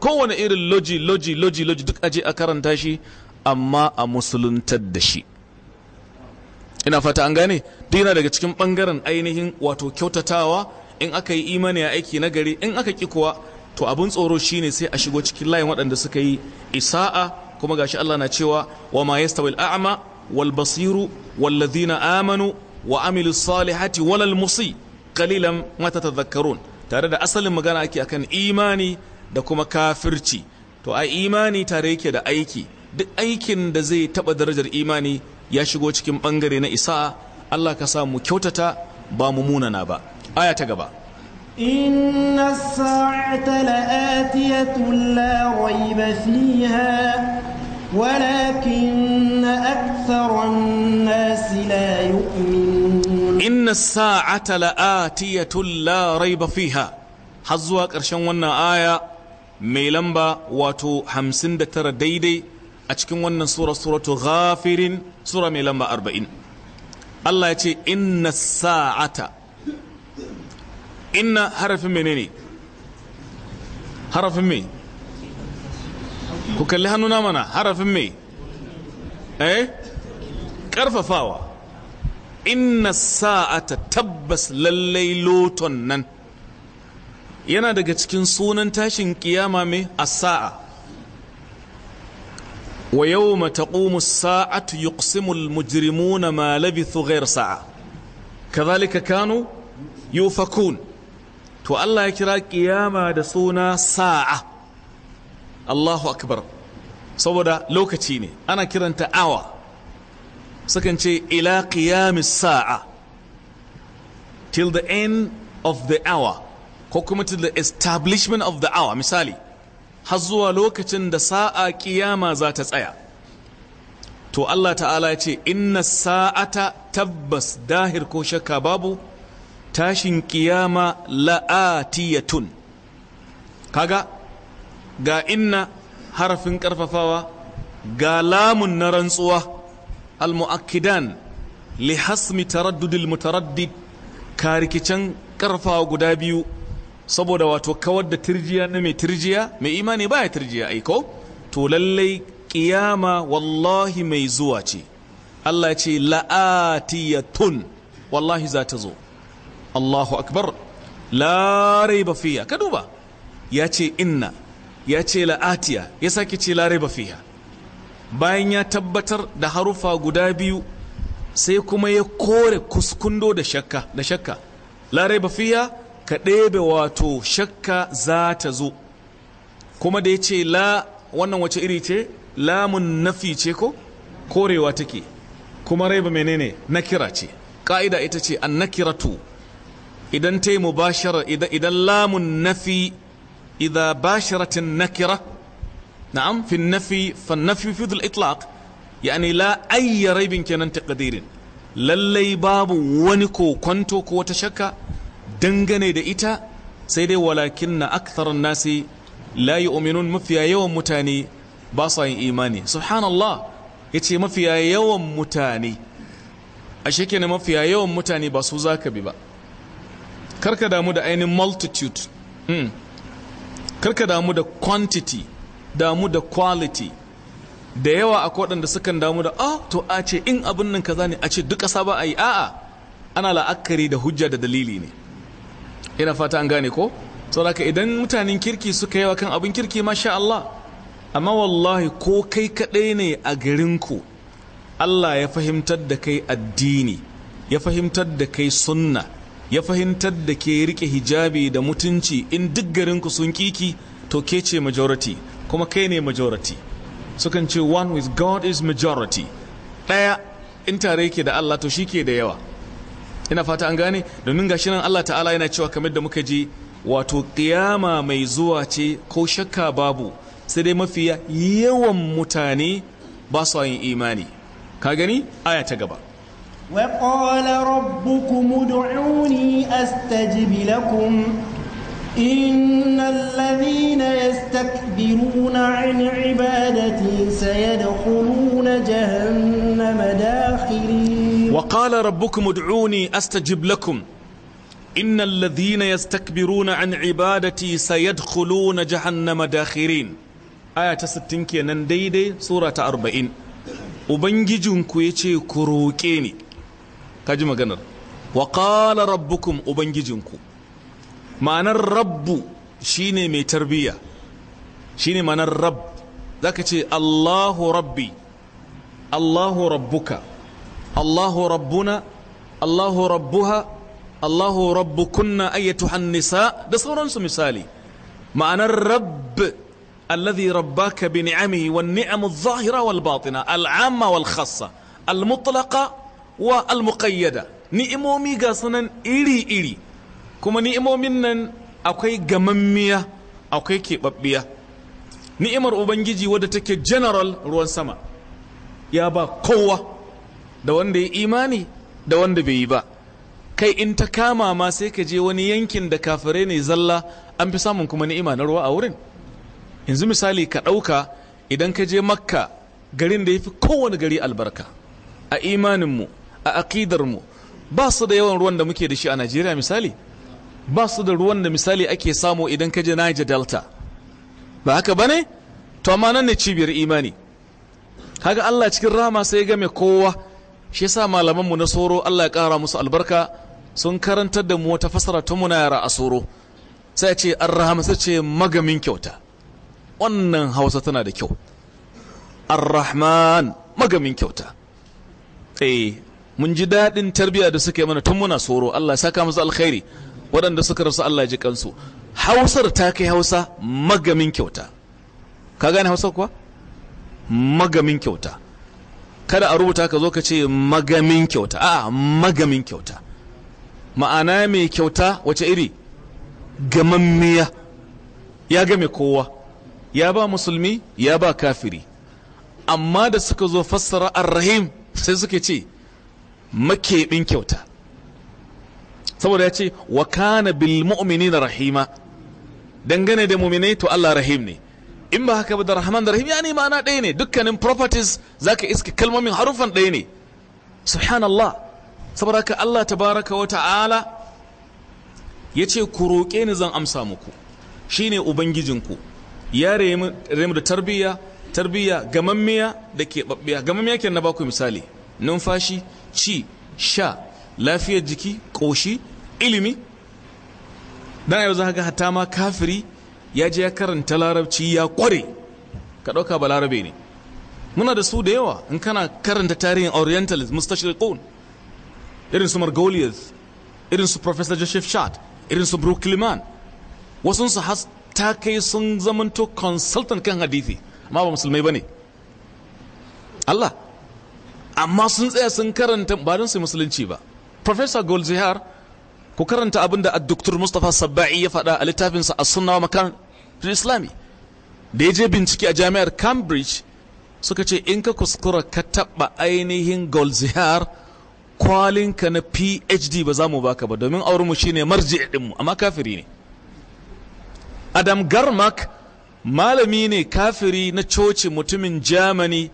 kowane irin logi logi logi logi duk aje a karanta shi amma a musuluntar da shi ina fata an gane duk yana daga cikin bangaren ainihin wato kyautatawa in aka yi imani a aiki na gari in aka ki kuwa to abin tsoro shine sai a shigo cikin layin waɗanda suka yi isa'a kuma gashi Allah na cewa wa ma yastawil a'ma والبصير والذين آمنوا وعملوا الصالحات ولا المصي قليلا ما zakarun tare da asalin magana ake akan imani da kuma kafirci to a imani tare yake da aiki duk aikin da zai taɓa darajar imani ya shigo cikin bangare na isa Allah ka sa mu kyautata ba mu munana ba aya ta gaba إن الساعة لآتية لا ريب فيها ولكن أكثر الناس لا يؤمنون إن الساعة لآتية لا ريب فيها حزوا كرشن ونا آية ميلمبا واتو حمسن دتر ديدي أتكن ونا سورة سورة غافر سورة ميلمبا أربعين الله يتي إن الساعة إن حرف منيني حرف مين ku kalli hannuna mana harafin me eh karfafawa inna sa'ata tabbas lallai loton nan yana daga cikin sunan tashin kiyama mai as-sa'a wa yawma taqumu as-sa'atu yuqsimu al-mujrimuna ma labithu ghayra sa'a kadhalika kanu yufakun to Allah ya kira kiyama da suna sa'a Allahu akbar saboda lokaci ne ana kiranta awa sukan ce ila qiyamis sa'a till the end of the hour ko kuma till the establishment of the hour misali har zuwa lokacin da sa'a qiyama za ta tsaya to Allah ta'ala ya ce inna sa'ata tabbas dahir ko shakka babu tashin kiyama la'atiyatun kaga ga inna harafin ƙarfafawa ga lamun na rantsuwa al-mu'akkidan li hasmi taraddudil mutaraddid ka rikicen ƙarfawa guda biyu saboda wato kawar da tirjiya na mai tirjiya mai imani baya tirjiya aiko to lallai kiyama wallahi mai zuwa ce Allah ce la'atiyatun wallahi za ta zo Allahu akbar la raiba fiya ka duba ya ce inna ya ce la'atiya ya sake ce lareba fiha bayan ya tabbatar da harufa guda biyu sai kuma ya kore kuskundo da shakka da shakka lareba fiha ka ɗebe wato shakka za ta zo kuma da ya ce la wannan wace iri ce lamun nafi ce ko korewa take kuma raiba menene nakira ce ƙa'ida ita ce an nakiratu idan ta yi mubashara idan lamun nafi إذا باشرت النكرة نعم في النفي فالنفي يفيد الإطلاق يعني لا أي ريب كان تقدير lallai babu wani ko kwanto ko wata shakka dangane da ita sai dai walakin na aktharan nasi la yu'minun mafiya yawan mutane ba sa yin imani subhanallah yace mafiya yawan mutane ashe kenan mafiya yawan mutane ba su zaka bi ba kar ka damu da ainihin multitude karka damu da quantity damu da quality da yawa akwai waɗanda sukan damu da oh to a ce in abin nan kaza ne a ce duka saba ba a yi a'a ana la'akari da hujja da dalili ne ina fata an gane ko saboda idan mutanen kirki suka yawa kan abin kirki masha Allah amma wallahi ko kai kaɗai ne a garin ku Allah ya fahimtar da kai addini ya fahimtar da kai sunna ya fahimtar da ke rike hijabi da mutunci in duk garinku sun kiki to ke ce majority kuma kai ne majority sukan ce one with God is majority ɗaya in tare ke da Allah to shi ke da yawa ina fata an gane domin gashi nan Allah ta'ala yana cewa kamar da muka je wato ƙiyama mai zuwa ce ko shakka babu sai dai mafiya yawan mutane ba su yin imani ka gani aya ta gaba وقال ربكم ادعوني أستجب لكم إن الذين يستكبرون عن عبادتي سيدخلون جهنم داخرين وقال ربكم ادعوني أستجب لكم إن الذين يستكبرون عن عبادتي سيدخلون جهنم داخرين آية ستنكي ننديدي سورة أربعين Ubangijinku ya ce, Ku roƙe ni, kaji maganar wa qala rabbukum ubangijinku ma'anar rabbu shine mai tarbiya shine ma'anar rabb zaka ce Allahu rabbi Allahu rabbuka Allahu rabbuna Allahu rabbuha Allahu rabbukunna ayyatuhan nisa da sauransu misali ma'anar rabb الذي رباك بنعمه والنعم الظاهرة wal khassa al المطلقة wa almuqayyada ni'imomi ga sunan iri-iri kuma ni'imomin nan akwai gamammiya akwai keɓaɓɓiya ni'imar ubangiji wadda take general ruwan sama ya ba kowa da wanda ya imani da wanda bai yi ba kai in ta kama ma sai ka je wani yankin da kafare ne zalla an fi samun kuma ni'ima na ruwa a wurin yanzu misali ka ɗauka idan ka je makka garin da ya fi kowane gari albarka a imaninmu a aqidarmu ba su da yawan ruwan da muke da shi a Najeriya misali ba su da ruwan da misali ake samu idan ka je Niger Delta ba haka bane to amma nan ne cibiyar imani kaga Allah cikin rahama sai ya game kowa shi yasa malaman mu na soro Allah ya kara musu albarka sun karantar da mu wata fasara ta na yara a soro sai ce arrahama sai ce magamin kyauta wannan Hausa tana da kyau arrahman magamin kyauta eh mun ji daɗin tarbiyya da suka mana tun muna tsoro Allah saka musu alkhairi waɗanda suka rasu Allah ji kansu hausar ta kai hausa magamin kyauta ka gane Hausar kuwa magamin kyauta kada a rubuta ka zo ka ce magamin kyauta a magamin kyauta ma'ana mai kyauta wace iri gamammiya ya game kowa ya ba musulmi ya ba kafiri amma da suka zo fassara arrahim sai suka ce makeɓin kyauta saboda ya ce wa kana bil na rahima dangane da mu'minai to Allah rahim ne in ba haka ba da rahman da rahim ya nema na ɗaya ne dukkanin properties za ka iske kalmomin harufan ɗaya ne subhanallah saboda haka Allah tabaraka wa ta'ala ya ce ku roƙe ni zan amsa muku Shi ne ubangijinku ya remu da tarbiyya tarbiyya gamammiya da keɓaɓɓiya gamammiya kenan na baku misali numfashi ci sha lafiyar jiki ƙoshi ilimi dan yau za ka ga hatta ma kafiri ya je ya karanta larabci ya kware ka ɗauka ba larabe ne muna da su da yawa in kana karanta tarihin orientalist mustashriqun irin su margoliath irin su professor joseph shat irin su brook liman wasun su has ta kai sun zamanto consultant kan hadithi amma ba musulmai ne Allah amma sun tsaya sun karanta ba don su musulunci ba professor golzihar ku karanta abin da dr mustapha sabba'i ya faɗa a littafinsa a sunna wa makarantar islami da ya je bincike a jami'ar cambridge suka ce in ka kuskura ka taɓa ainihin golzihar kwalinka na phd ba za mu baka ba domin aurenmu shine marji ɗinmu amma kafiri ne adam garmak malami ne kafiri na coci mutumin germany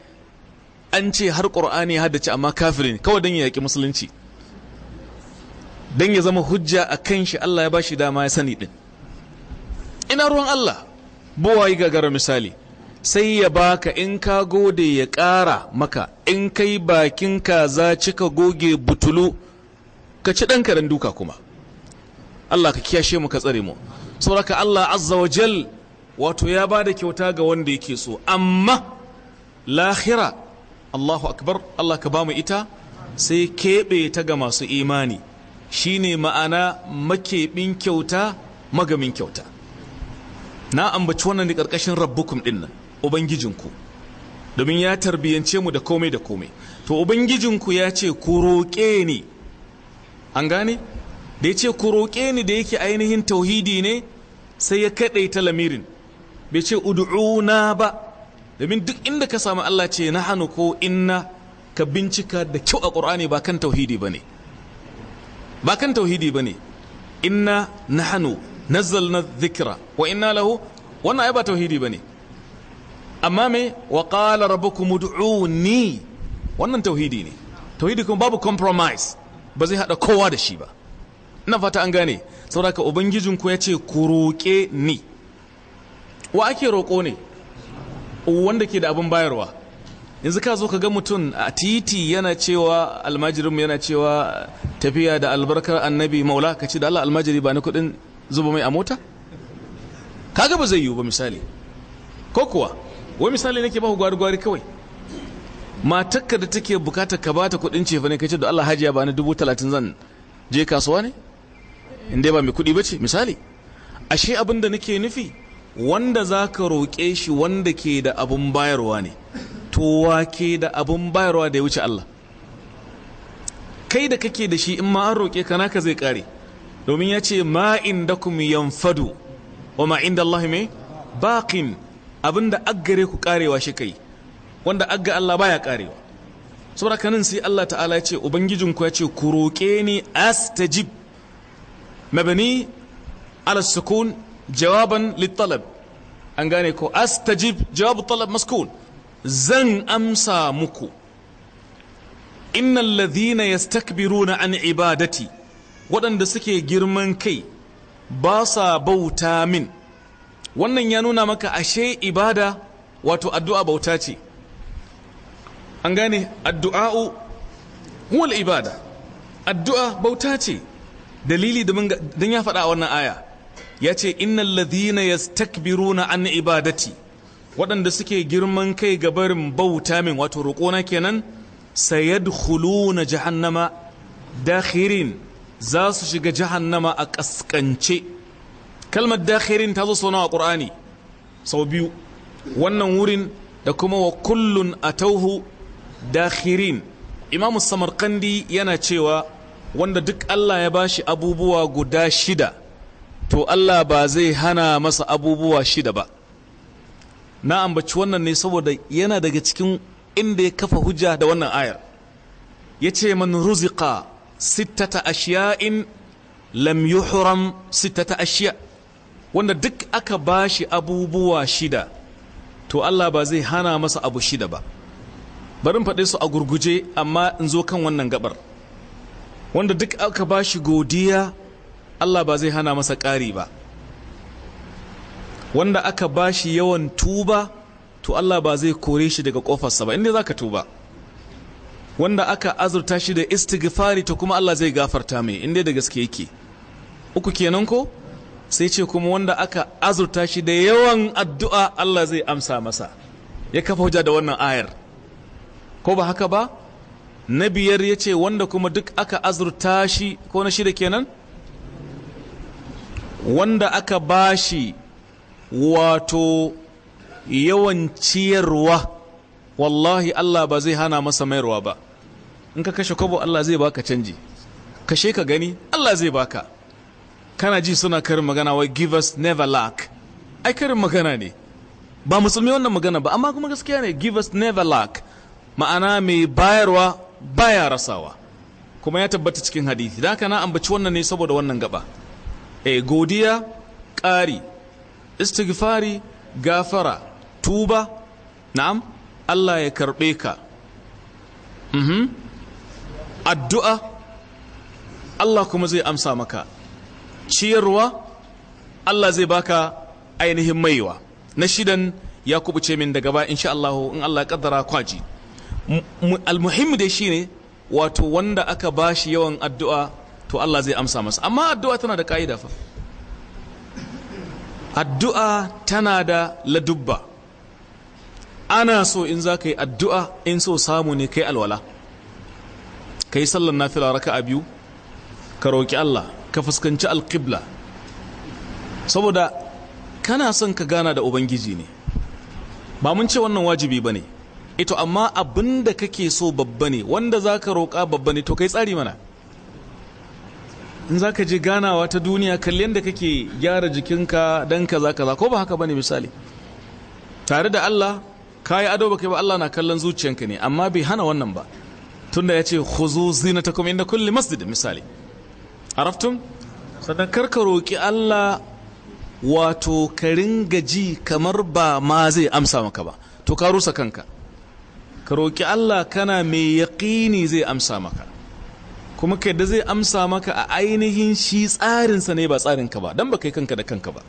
an ce har ƙur'ani ya haddace amma kafirin kawai don ya yaƙi musulunci don ya zama hujja a kan shi Allah ya ba shi dama ya sani ɗin ina ruwan Allah yi gagara misali sai ya baka in ka gode ya ƙara maka in kai bakin kaza cika goge butulu ka ci ɗan karen duka kuma Allah ka kiyashe mu ka tsare mu sauraka Allah azza wa jal wato ya ba da kyauta ga wanda yake so amma lahira Allahu akbar Allah ka ba mu ita sai keɓe ta ga masu imani Shi ne ma'ana makeɓin kyauta magamin kyauta na ambaci wannan da ƙarƙashin rabbukum ɗin nan ubangijinku domin ya tarbiyance mu da komai da komai to ubangijinku ya ce ku roƙe ni an gane da ya ce ku roƙe ni da yake ainihin tauhidi ne sai ya kaɗaita lamirin bai ce udu'una ba domin duk inda ka samu Allah ce na hannu ko inna ka bincika da kyau a ƙur'ani ba kan tauhidi ba ne ba kan tauhidi ba ne inna na hannu na zikira wa inna lahu wannan ai ba tauhidi ba ne amma me wa qala rabbukum ni. wannan tauhidi ne tauhidi kuma babu compromise ba zai haɗa kowa da shi ba ina fata an gane saboda ka ubangijinku ya ce ku roƙe ni wa ake roƙo ne wanda ke da abin bayarwa yanzu ka zo ka ga mutum a titi yana cewa almajirinmu yana cewa tafiya da albarkar annabi maula ka ce da Allah almajiri ba ni kudin zuba mai a mota kaga ba zai yiwu ba misali ko kuwa wai misali nake baku gwari-gwari kawai matakka da take bukata ka bata kudin cefa ne ka ce da Allah hajiya ba ni dubu talatin zan je kasuwa ne inda ba mai kudi ba ce misali ashe abin da nake nufi wanda za ka roƙe shi wanda ke da abin bayarwa ne to wa ke da abin bayarwa da ya wuce Allah kai da kake da shi in ma an roƙe ka naka zai ƙare domin ya ce ma inda kuma yanfadu wa ma inda Allah mai baƙin abin da aggare ku ƙarewa shi kai wanda agga Allah baya ƙarewa saboda kanin sai Allah ta'ala ya ce ubangijinku ya ce ku roƙe ni astajib mabani ala sukun jawaban littalab an gane ko astajib jawabu talab maskul zan amsa muku innal ladhina yastakbiruna an ibadati waɗanda suke girman kai ba sa bauta min wannan ya nuna maka ashe ibada wato addu'a bauta ce an gane addu'a'u ibada addu'a bauta ce dalili don ya faɗa a wannan aya ya ce innal ladhina na an ibadati waɗanda suke girman kai ga barin bauta min wato roƙona kenan sayadkhuluna jahannama dakhirin za su shiga jahannama a kaskance kalmar dakhirin ta zo sona a ƙur'ani sau biyu wannan wurin da kuma wa kullun a tauhu dakhirin imamu samarkandi yana cewa wanda duk Allah ya bashi abubuwa guda shida to Allah ba zai hana masa abubuwa shida ba na ambaci wannan ne saboda yana daga cikin inda ya kafa hujja da wannan ayar ya ce man ruziqa sittata ashiya'in lam sita sittata ashiya wanda duk aka ba shi abubuwa shida to Allah ba zai hana masa abu shida ba barin faɗe su a gurguje amma in zo kan wannan gabar wanda duk aka ba shi godiya Allah ba zai hana masa ƙari ba wanda aka ba shi yawan tuba to Allah ba zai kore shi daga ƙofarsa ba inda za ka tuba wanda aka azurta shi da istighfari to kuma Allah zai gafarta mai inda da gaske yake uku kenan ko sai ce kuma wanda aka azurta shi da yawan addu'a Allah zai amsa masa ya kafa hujja da wannan ayar ko ba haka ba na biyar ya ce wanda kuma duk aka azurta shi ko na shida kenan wanda aka bashi wato yawan ciyarwa wallahi Allah ba zai hana masa mayarwa ba in ka kashe kwabo Allah zai baka canji kashe ka gani Allah zai baka kana ji suna karin magana wai give us never lack ai karin magana ne ba musulmi wannan magana ba amma kuma gaskiya ne give us never lack ma'ana mai bayarwa baya rasawa kuma ya tabbata cikin hadisi da haka na ambaci wannan ne saboda wannan gaba e godiya ƙari istighfari gafara tuba na'am Allah ya karɓe ka mhm. addu'a Allah kuma zai amsa maka ciyarwa Allah zai baka ainihin maiwa na shidan ya kubuce min daga ba insha Allah in Allah kaddara kwaji Al almuhimmi dai shine wato wanda aka bashi yawan addu'a to Allah zai amsa masa amma addu'a tana da ƙa'ida fa addu'a tana da ladubba ana so in za ka yi addu'a in so samu ne kai alwala ka yi sallan nafila raka a biyu ka roƙi Allah ka fuskanci alƙibla saboda kana son ka gana da ubangiji ne ba mun ce wannan wajibi ba ne ito amma abinda da kake so babba ne wanda za ka roƙa babba ne to kai tsari mana in za ka je ganawa ta duniya kalli yadda kake gyara jikinka don kaza kaza ko ba haka bane misali tare da Allah ka yi ado baka yi ba Allah na kallon zuciyanka ne amma bai hana wannan ba tunda ya ce ta kuma, inda kulli masjid misali Araftun, sannan karka roki Allah wato ka ringa ji kamar ba ma zai amsa maka ba to ka rusa kanka ka roki Allah kana mai yaƙini zai amsa maka kuma ka yadda zai amsa maka a ainihin shi tsarinsa ne ba tsarinka ba don ba kai kanka da kanka ba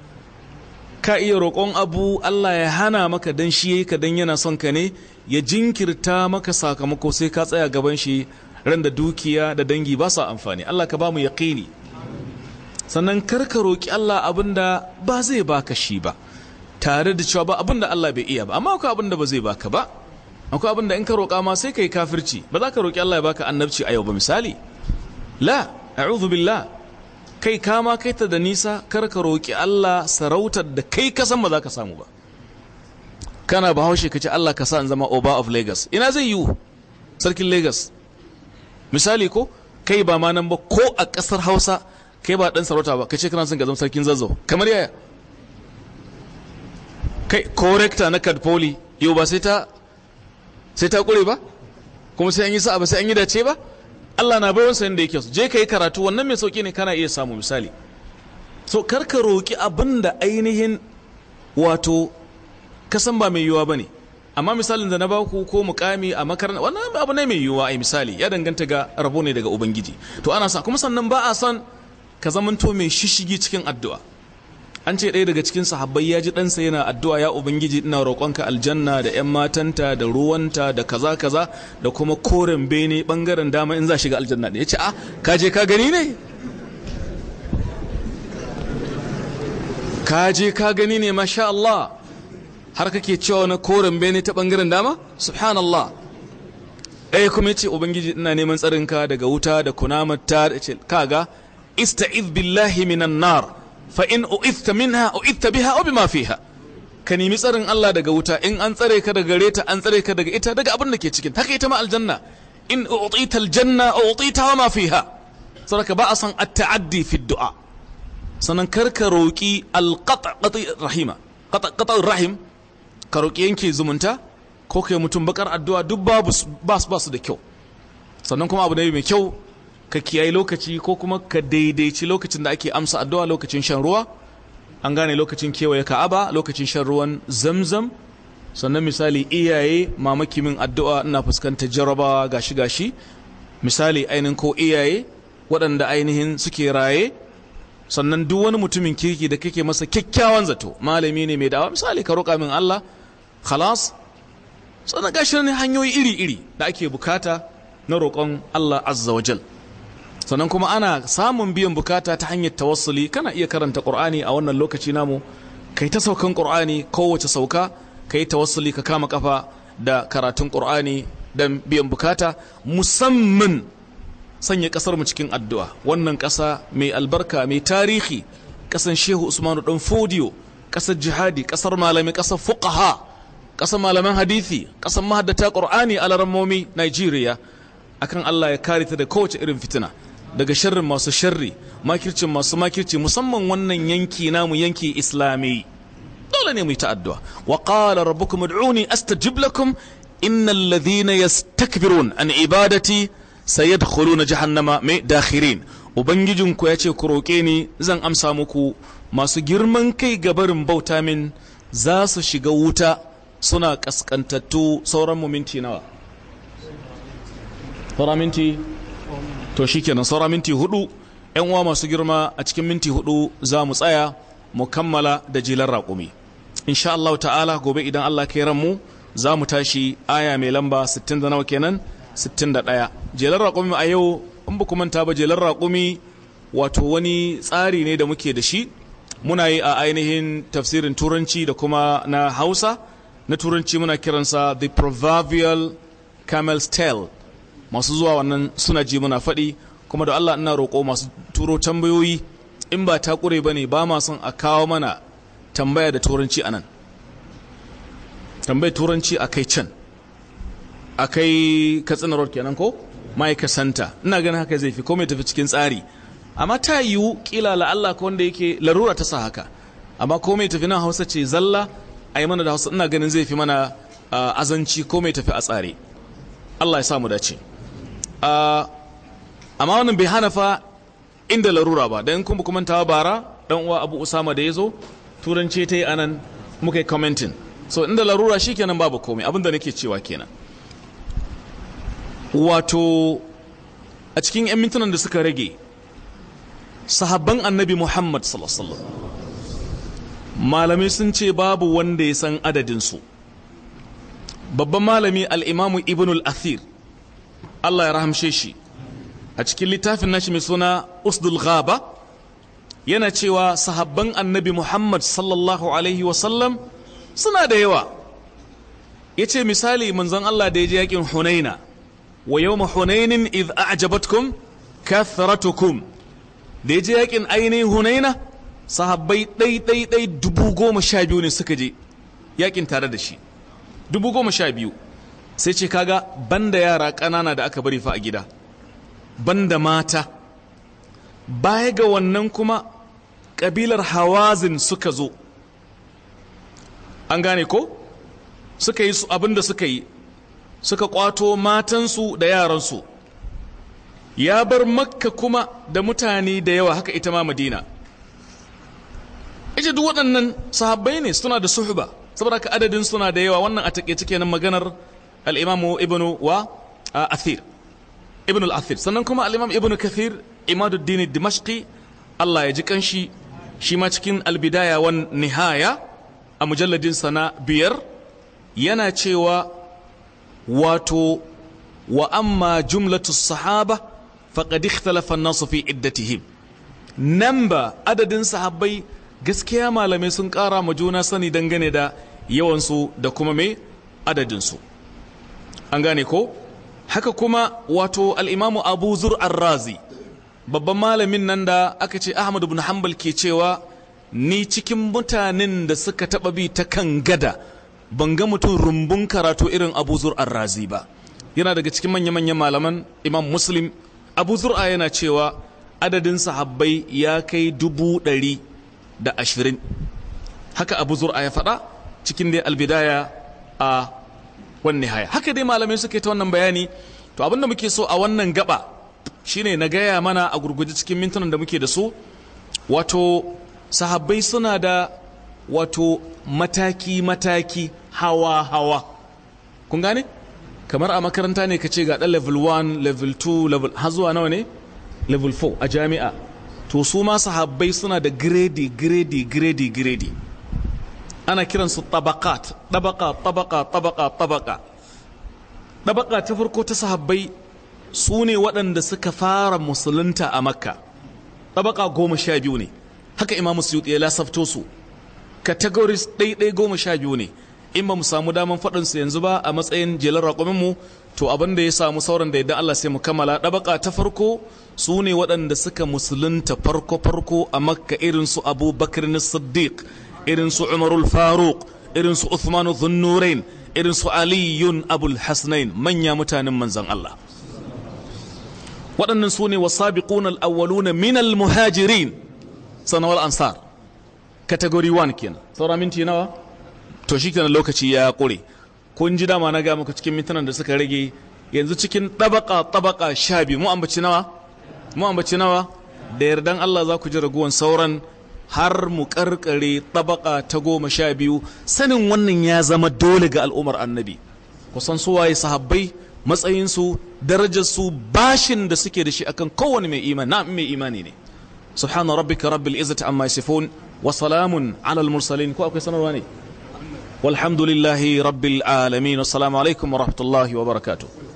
ka iya roƙon abu Allah ya hana maka don shi ka don yana son ka ne ya jinkirta maka sakamako sai ka tsaya gaban shi ran da dukiya da dangi ba sa amfani Allah ka ba mu yaƙini sannan kar ka roƙi Allah abin da ba zai baka shi ba tare da cewa ba abin da Allah bai iya ba amma akwai abin da ba zai baka ba akwai abin da in ka roƙa ma sai ka yi kafirci ba za ka roƙi Allah ya baka annabci a yau ba misali la a'udhu billah kai kama kai ta da nisa kar ka roki Allah sarautar da kai ka san ba za ka samu ba kana bahaushe kace Allah ka sa in zama oba of Lagos ina zai yiwu sarkin Lagos misali ko kai ba ma nan ba ko a ƙasar Hausa kai ba dan sarauta ba kace kana son ka zama sarkin zazzau kamar yaya kai korekta na kadpoli yau ba sai ta sai ta kure ba kuma sai an yi sa'a ba sai an yi dace ba Allah na bai wansa yadda yake so je ka yi karatu wannan mai sauki ne kana iya samu misali so kar ka roƙi abin da ainihin wato kasan ba mai yiwuwa ba ne amma misalin da na baku ko mukami a makaranta wannan abu ne mai yiwuwa a misali ya danganta ga rabo ne daga ubangiji to ana sa kuma sannan ba a son ka zamanto mai shishigi cikin addu'a an ce ɗaya daga cikin sahabbai ya ji ɗansa yana addu'a ya ubangiji ina roƙonka aljanna da 'yan matanta da ruwanta da kaza kaza da kuma koren bene ɓangaren dama in za shiga aljanna ne ya ce ah ka je ka gani ne ka je ka gani ne masha Allah har kake cewa na koren bene ta ɓangaren dama subhanallah ɗaya kuma ya ce ubangiji ina neman tsarinka daga wuta da kunamar ta ce kaga ista'iz billahi minan nar fa in u'ithta minha u'ithta biha aw bima fiha ka nemi tsarin Allah daga wuta in an tsare ka daga reta an tsare ka daga ita daga abin da ke cikin haka ita ma aljanna in u'tita aljanna u'tita ma fiha saboda ba a san at-ta'addi fi du'a sanan karka roki al-qat'ati rahim ka roki yanke zumunta ko kai mutum bakar addu'a duk babu ba su da kyau sannan kuma abu ne mai kyau ka kiyaye lokaci ko kuma ka daidaici lokacin da ake amsa addu'a lokacin shan ruwa an gane lokacin kewaye aba lokacin shan ruwan zamzam sannan misali iyaye mamaki min addu'a ina fuskantar jarabawa gashi gashi misali ainihin ko iyaye waɗanda ainihin suke raye sannan duk wani mutumin kirki da kake masa kyakkyawan zato malami ne mai dawa misali ka roƙa min Allah khalas sannan gashi ne hanyoyi iri-iri da ake bukata na roƙon Allah azza wajal sannan kuma ana samun biyan bukata ta hanyar tawassuli kana iya karanta qur'ani a wannan lokaci namu kai ta saukan qur'ani kowace sauka kai tawassuli ka kama kafa da karatun qur'ani dan biyan bukata musamman sanya kasar mu cikin addu'a wannan kasa mai albarka mai tarihi kasan Shehu Usmanu dan Fodiyo kasar jihadi kasar malami kasar fuqaha kasar malaman hadithi kasar mahaddata qur'ani a larammomi Nigeria akan Allah ya kare ta da kowace irin fitina daga sharrin masu sharri makircin masu makirci musamman wannan yanki namu yanki islami dole ne mu yi ta'addu'a wa qala rabbukum ud'uni astajib lakum innal ladhina yastakbirun an ibadati sayadkhuluna jahannama mai dakhirin ubangijinku ya ce ku roƙe ni zan amsa muku masu girman kai ga barin bauta min za su shiga wuta suna kaskantattu sauran muminti nawa sauran minti to shikenan saura minti hudu yan uwa masu girma a cikin minti hudu za mu tsaya mu kammala da jilar raƙumi insha Allah ta'ala gobe idan Allah kai ran mu za mu tashi aya mai lamba sittin da nawa kenan sittin da ɗaya jelar raƙumi a yau in ba manta ba jelar raƙumi wato wani tsari ne da muke da shi muna yi a ainihin tafsirin turanci da kuma na hausa na turanci muna kiransa the proverbial camel's tail. masu zuwa wannan suna ji muna faɗi kuma da Allah ina roƙo masu turo tambayoyi in ba ta ƙure ba ne ba ma son a kawo mana tambaya da turanci a nan tambayar turanci a kai can a kai katsina road kenan ko ma'aikasanta ina ganin haka zai fi komai tafi cikin tsari amma ta yiwu kila Allah ko wanda yake larura ta sa haka amma komai tafi nan hausa ce zalla a mana da hausa ina ganin zai fi mana ah, azanci komai tafi a tsare Allah ya sa mu dace. Ah, amma wannan bai hana fa inda larura ba don kuma kuma ta bara dan uwa abu usama da ya zo turanci ta yi anan muka yi commenting so inda larura shi kenan babu komai abinda nake cewa kenan wato a cikin 'yan mintunan da suka rage sahabban annabi muhammad sallallahu malamai sun ce babu wanda ya san adadinsu babban malami al'imamu ibn al-athir Allah ya rahamshe shi a cikin littafin nashi mai suna usdul ghaba yana cewa sahabban annabi Muhammad sallallahu alaihi wasallam suna da yawa ya ce misali manzon Allah da ya je yakin hunaina wa ma hunainin iz a'jabatkum kathratukum da ya je yakin ainihin hunaina sahabbai ɗai ɗai ɗai dubu goma sha biyu ne suka je yakin tare da shi dubu goma sha biyu sai ce kaga banda yara ƙanana da aka bari fa a gida banda mata baya ga wannan kuma ƙabilar hawazin suka zo an gane ko suka yi abinda suka yi suka kwato matansu da yaransu ya bar makka kuma da mutane da yawa haka ita ma madina ita duk waɗannan sahabbai ne suna da suhuba saboda ka adadin suna da yawa wannan a take kenan maganar al'imamu ibn wa athir ibn al-athir sannan kuma al'imam Ibnu kathir imaduddin dimashqi Allah ya ji kanshi shi ma cikin albidayawan nihaya a mujalladin sana biyar yana cewa wato wa amma jumlatu sahaba faqad ikhtalafa an-nasu fi iddatihim namba adadin sahabbai gaskiya malamai sun ƙara ma juna sani dangane da yawansu da kuma mai adadinsu an gane ko haka kuma wato al'imamu abu zur razi babban malamin nan da aka ce Ahmadu bin hanbal ke cewa ni cikin mutanen da suka taɓa bi ta kan gada ban ga mutum rumbun karatu irin abu zur razi ba yana daga cikin manya-manyan malaman imam muslim abu zur'a yana cewa adadin sahabbai ya kai dubu ɗari da ashirin haka abu zur'a ya faɗa cikin dai albidaya a wan haya. haka dai malamai suke ta wannan bayani to abinda muke so a wannan gaba shine na gaya mana a gurguje cikin mintunan da muke da su wato sahabbai suna da wato mataki-mataki hawa-hawa kun gane kamar a makaranta ne ka ce ga ɗan level 1 level 2 level har zuwa nawa ne level 4 a jami'a to su ma sahabbai suna da grade grade grade grade ana kiransu tabakat tabaka tabaka tabaka tabaka tabaka ta farko ta sahabbai su ne waɗanda suka fara musulunta a makka tabaka goma sha biyu ne haka imam suyuti ya lasafto su categories ɗaiɗai goma sha biyu ne in ba mu samu daman faɗinsu yanzu ba a matsayin jelar raƙuminmu to abin da ya samu sauran da idan Allah sai mu kammala ɗabaka ta farko su ne waɗanda suka musulunta farko-farko a makka irin su abu bakar siddiq irin su umarul faruk irin su uthmanu zunnurain irin su aliyun abul hasnain manya mutanen manzan Allah waɗannan su ne wasabiquna al-awwaluna min al-muhajirin sanawal ansar category 1 kin. saura minti nawa to shikenan lokaci ya kure kun ji dama na ga muku cikin mintunan da suka rage yanzu cikin tabaka tabaka sha biyu mu ambaci nawa mu ambaci nawa da yardan Allah za ku ji raguwan sauran har mu karkare tabaka ta goma sha biyu sanin wannan ya zama dole ga al'ummar annabi kusan suwaye sahabbai matsayinsu darajarsu bashin da suke da shi akan kowane mai imani na mai imani ne subhana rabbika rabbil izzati amma yasifun wa salamun alal mursalin ko akwai sanarwa ne walhamdulillahi rabbil alamin assalamu alaikum wa rahmatullahi wa barakatuh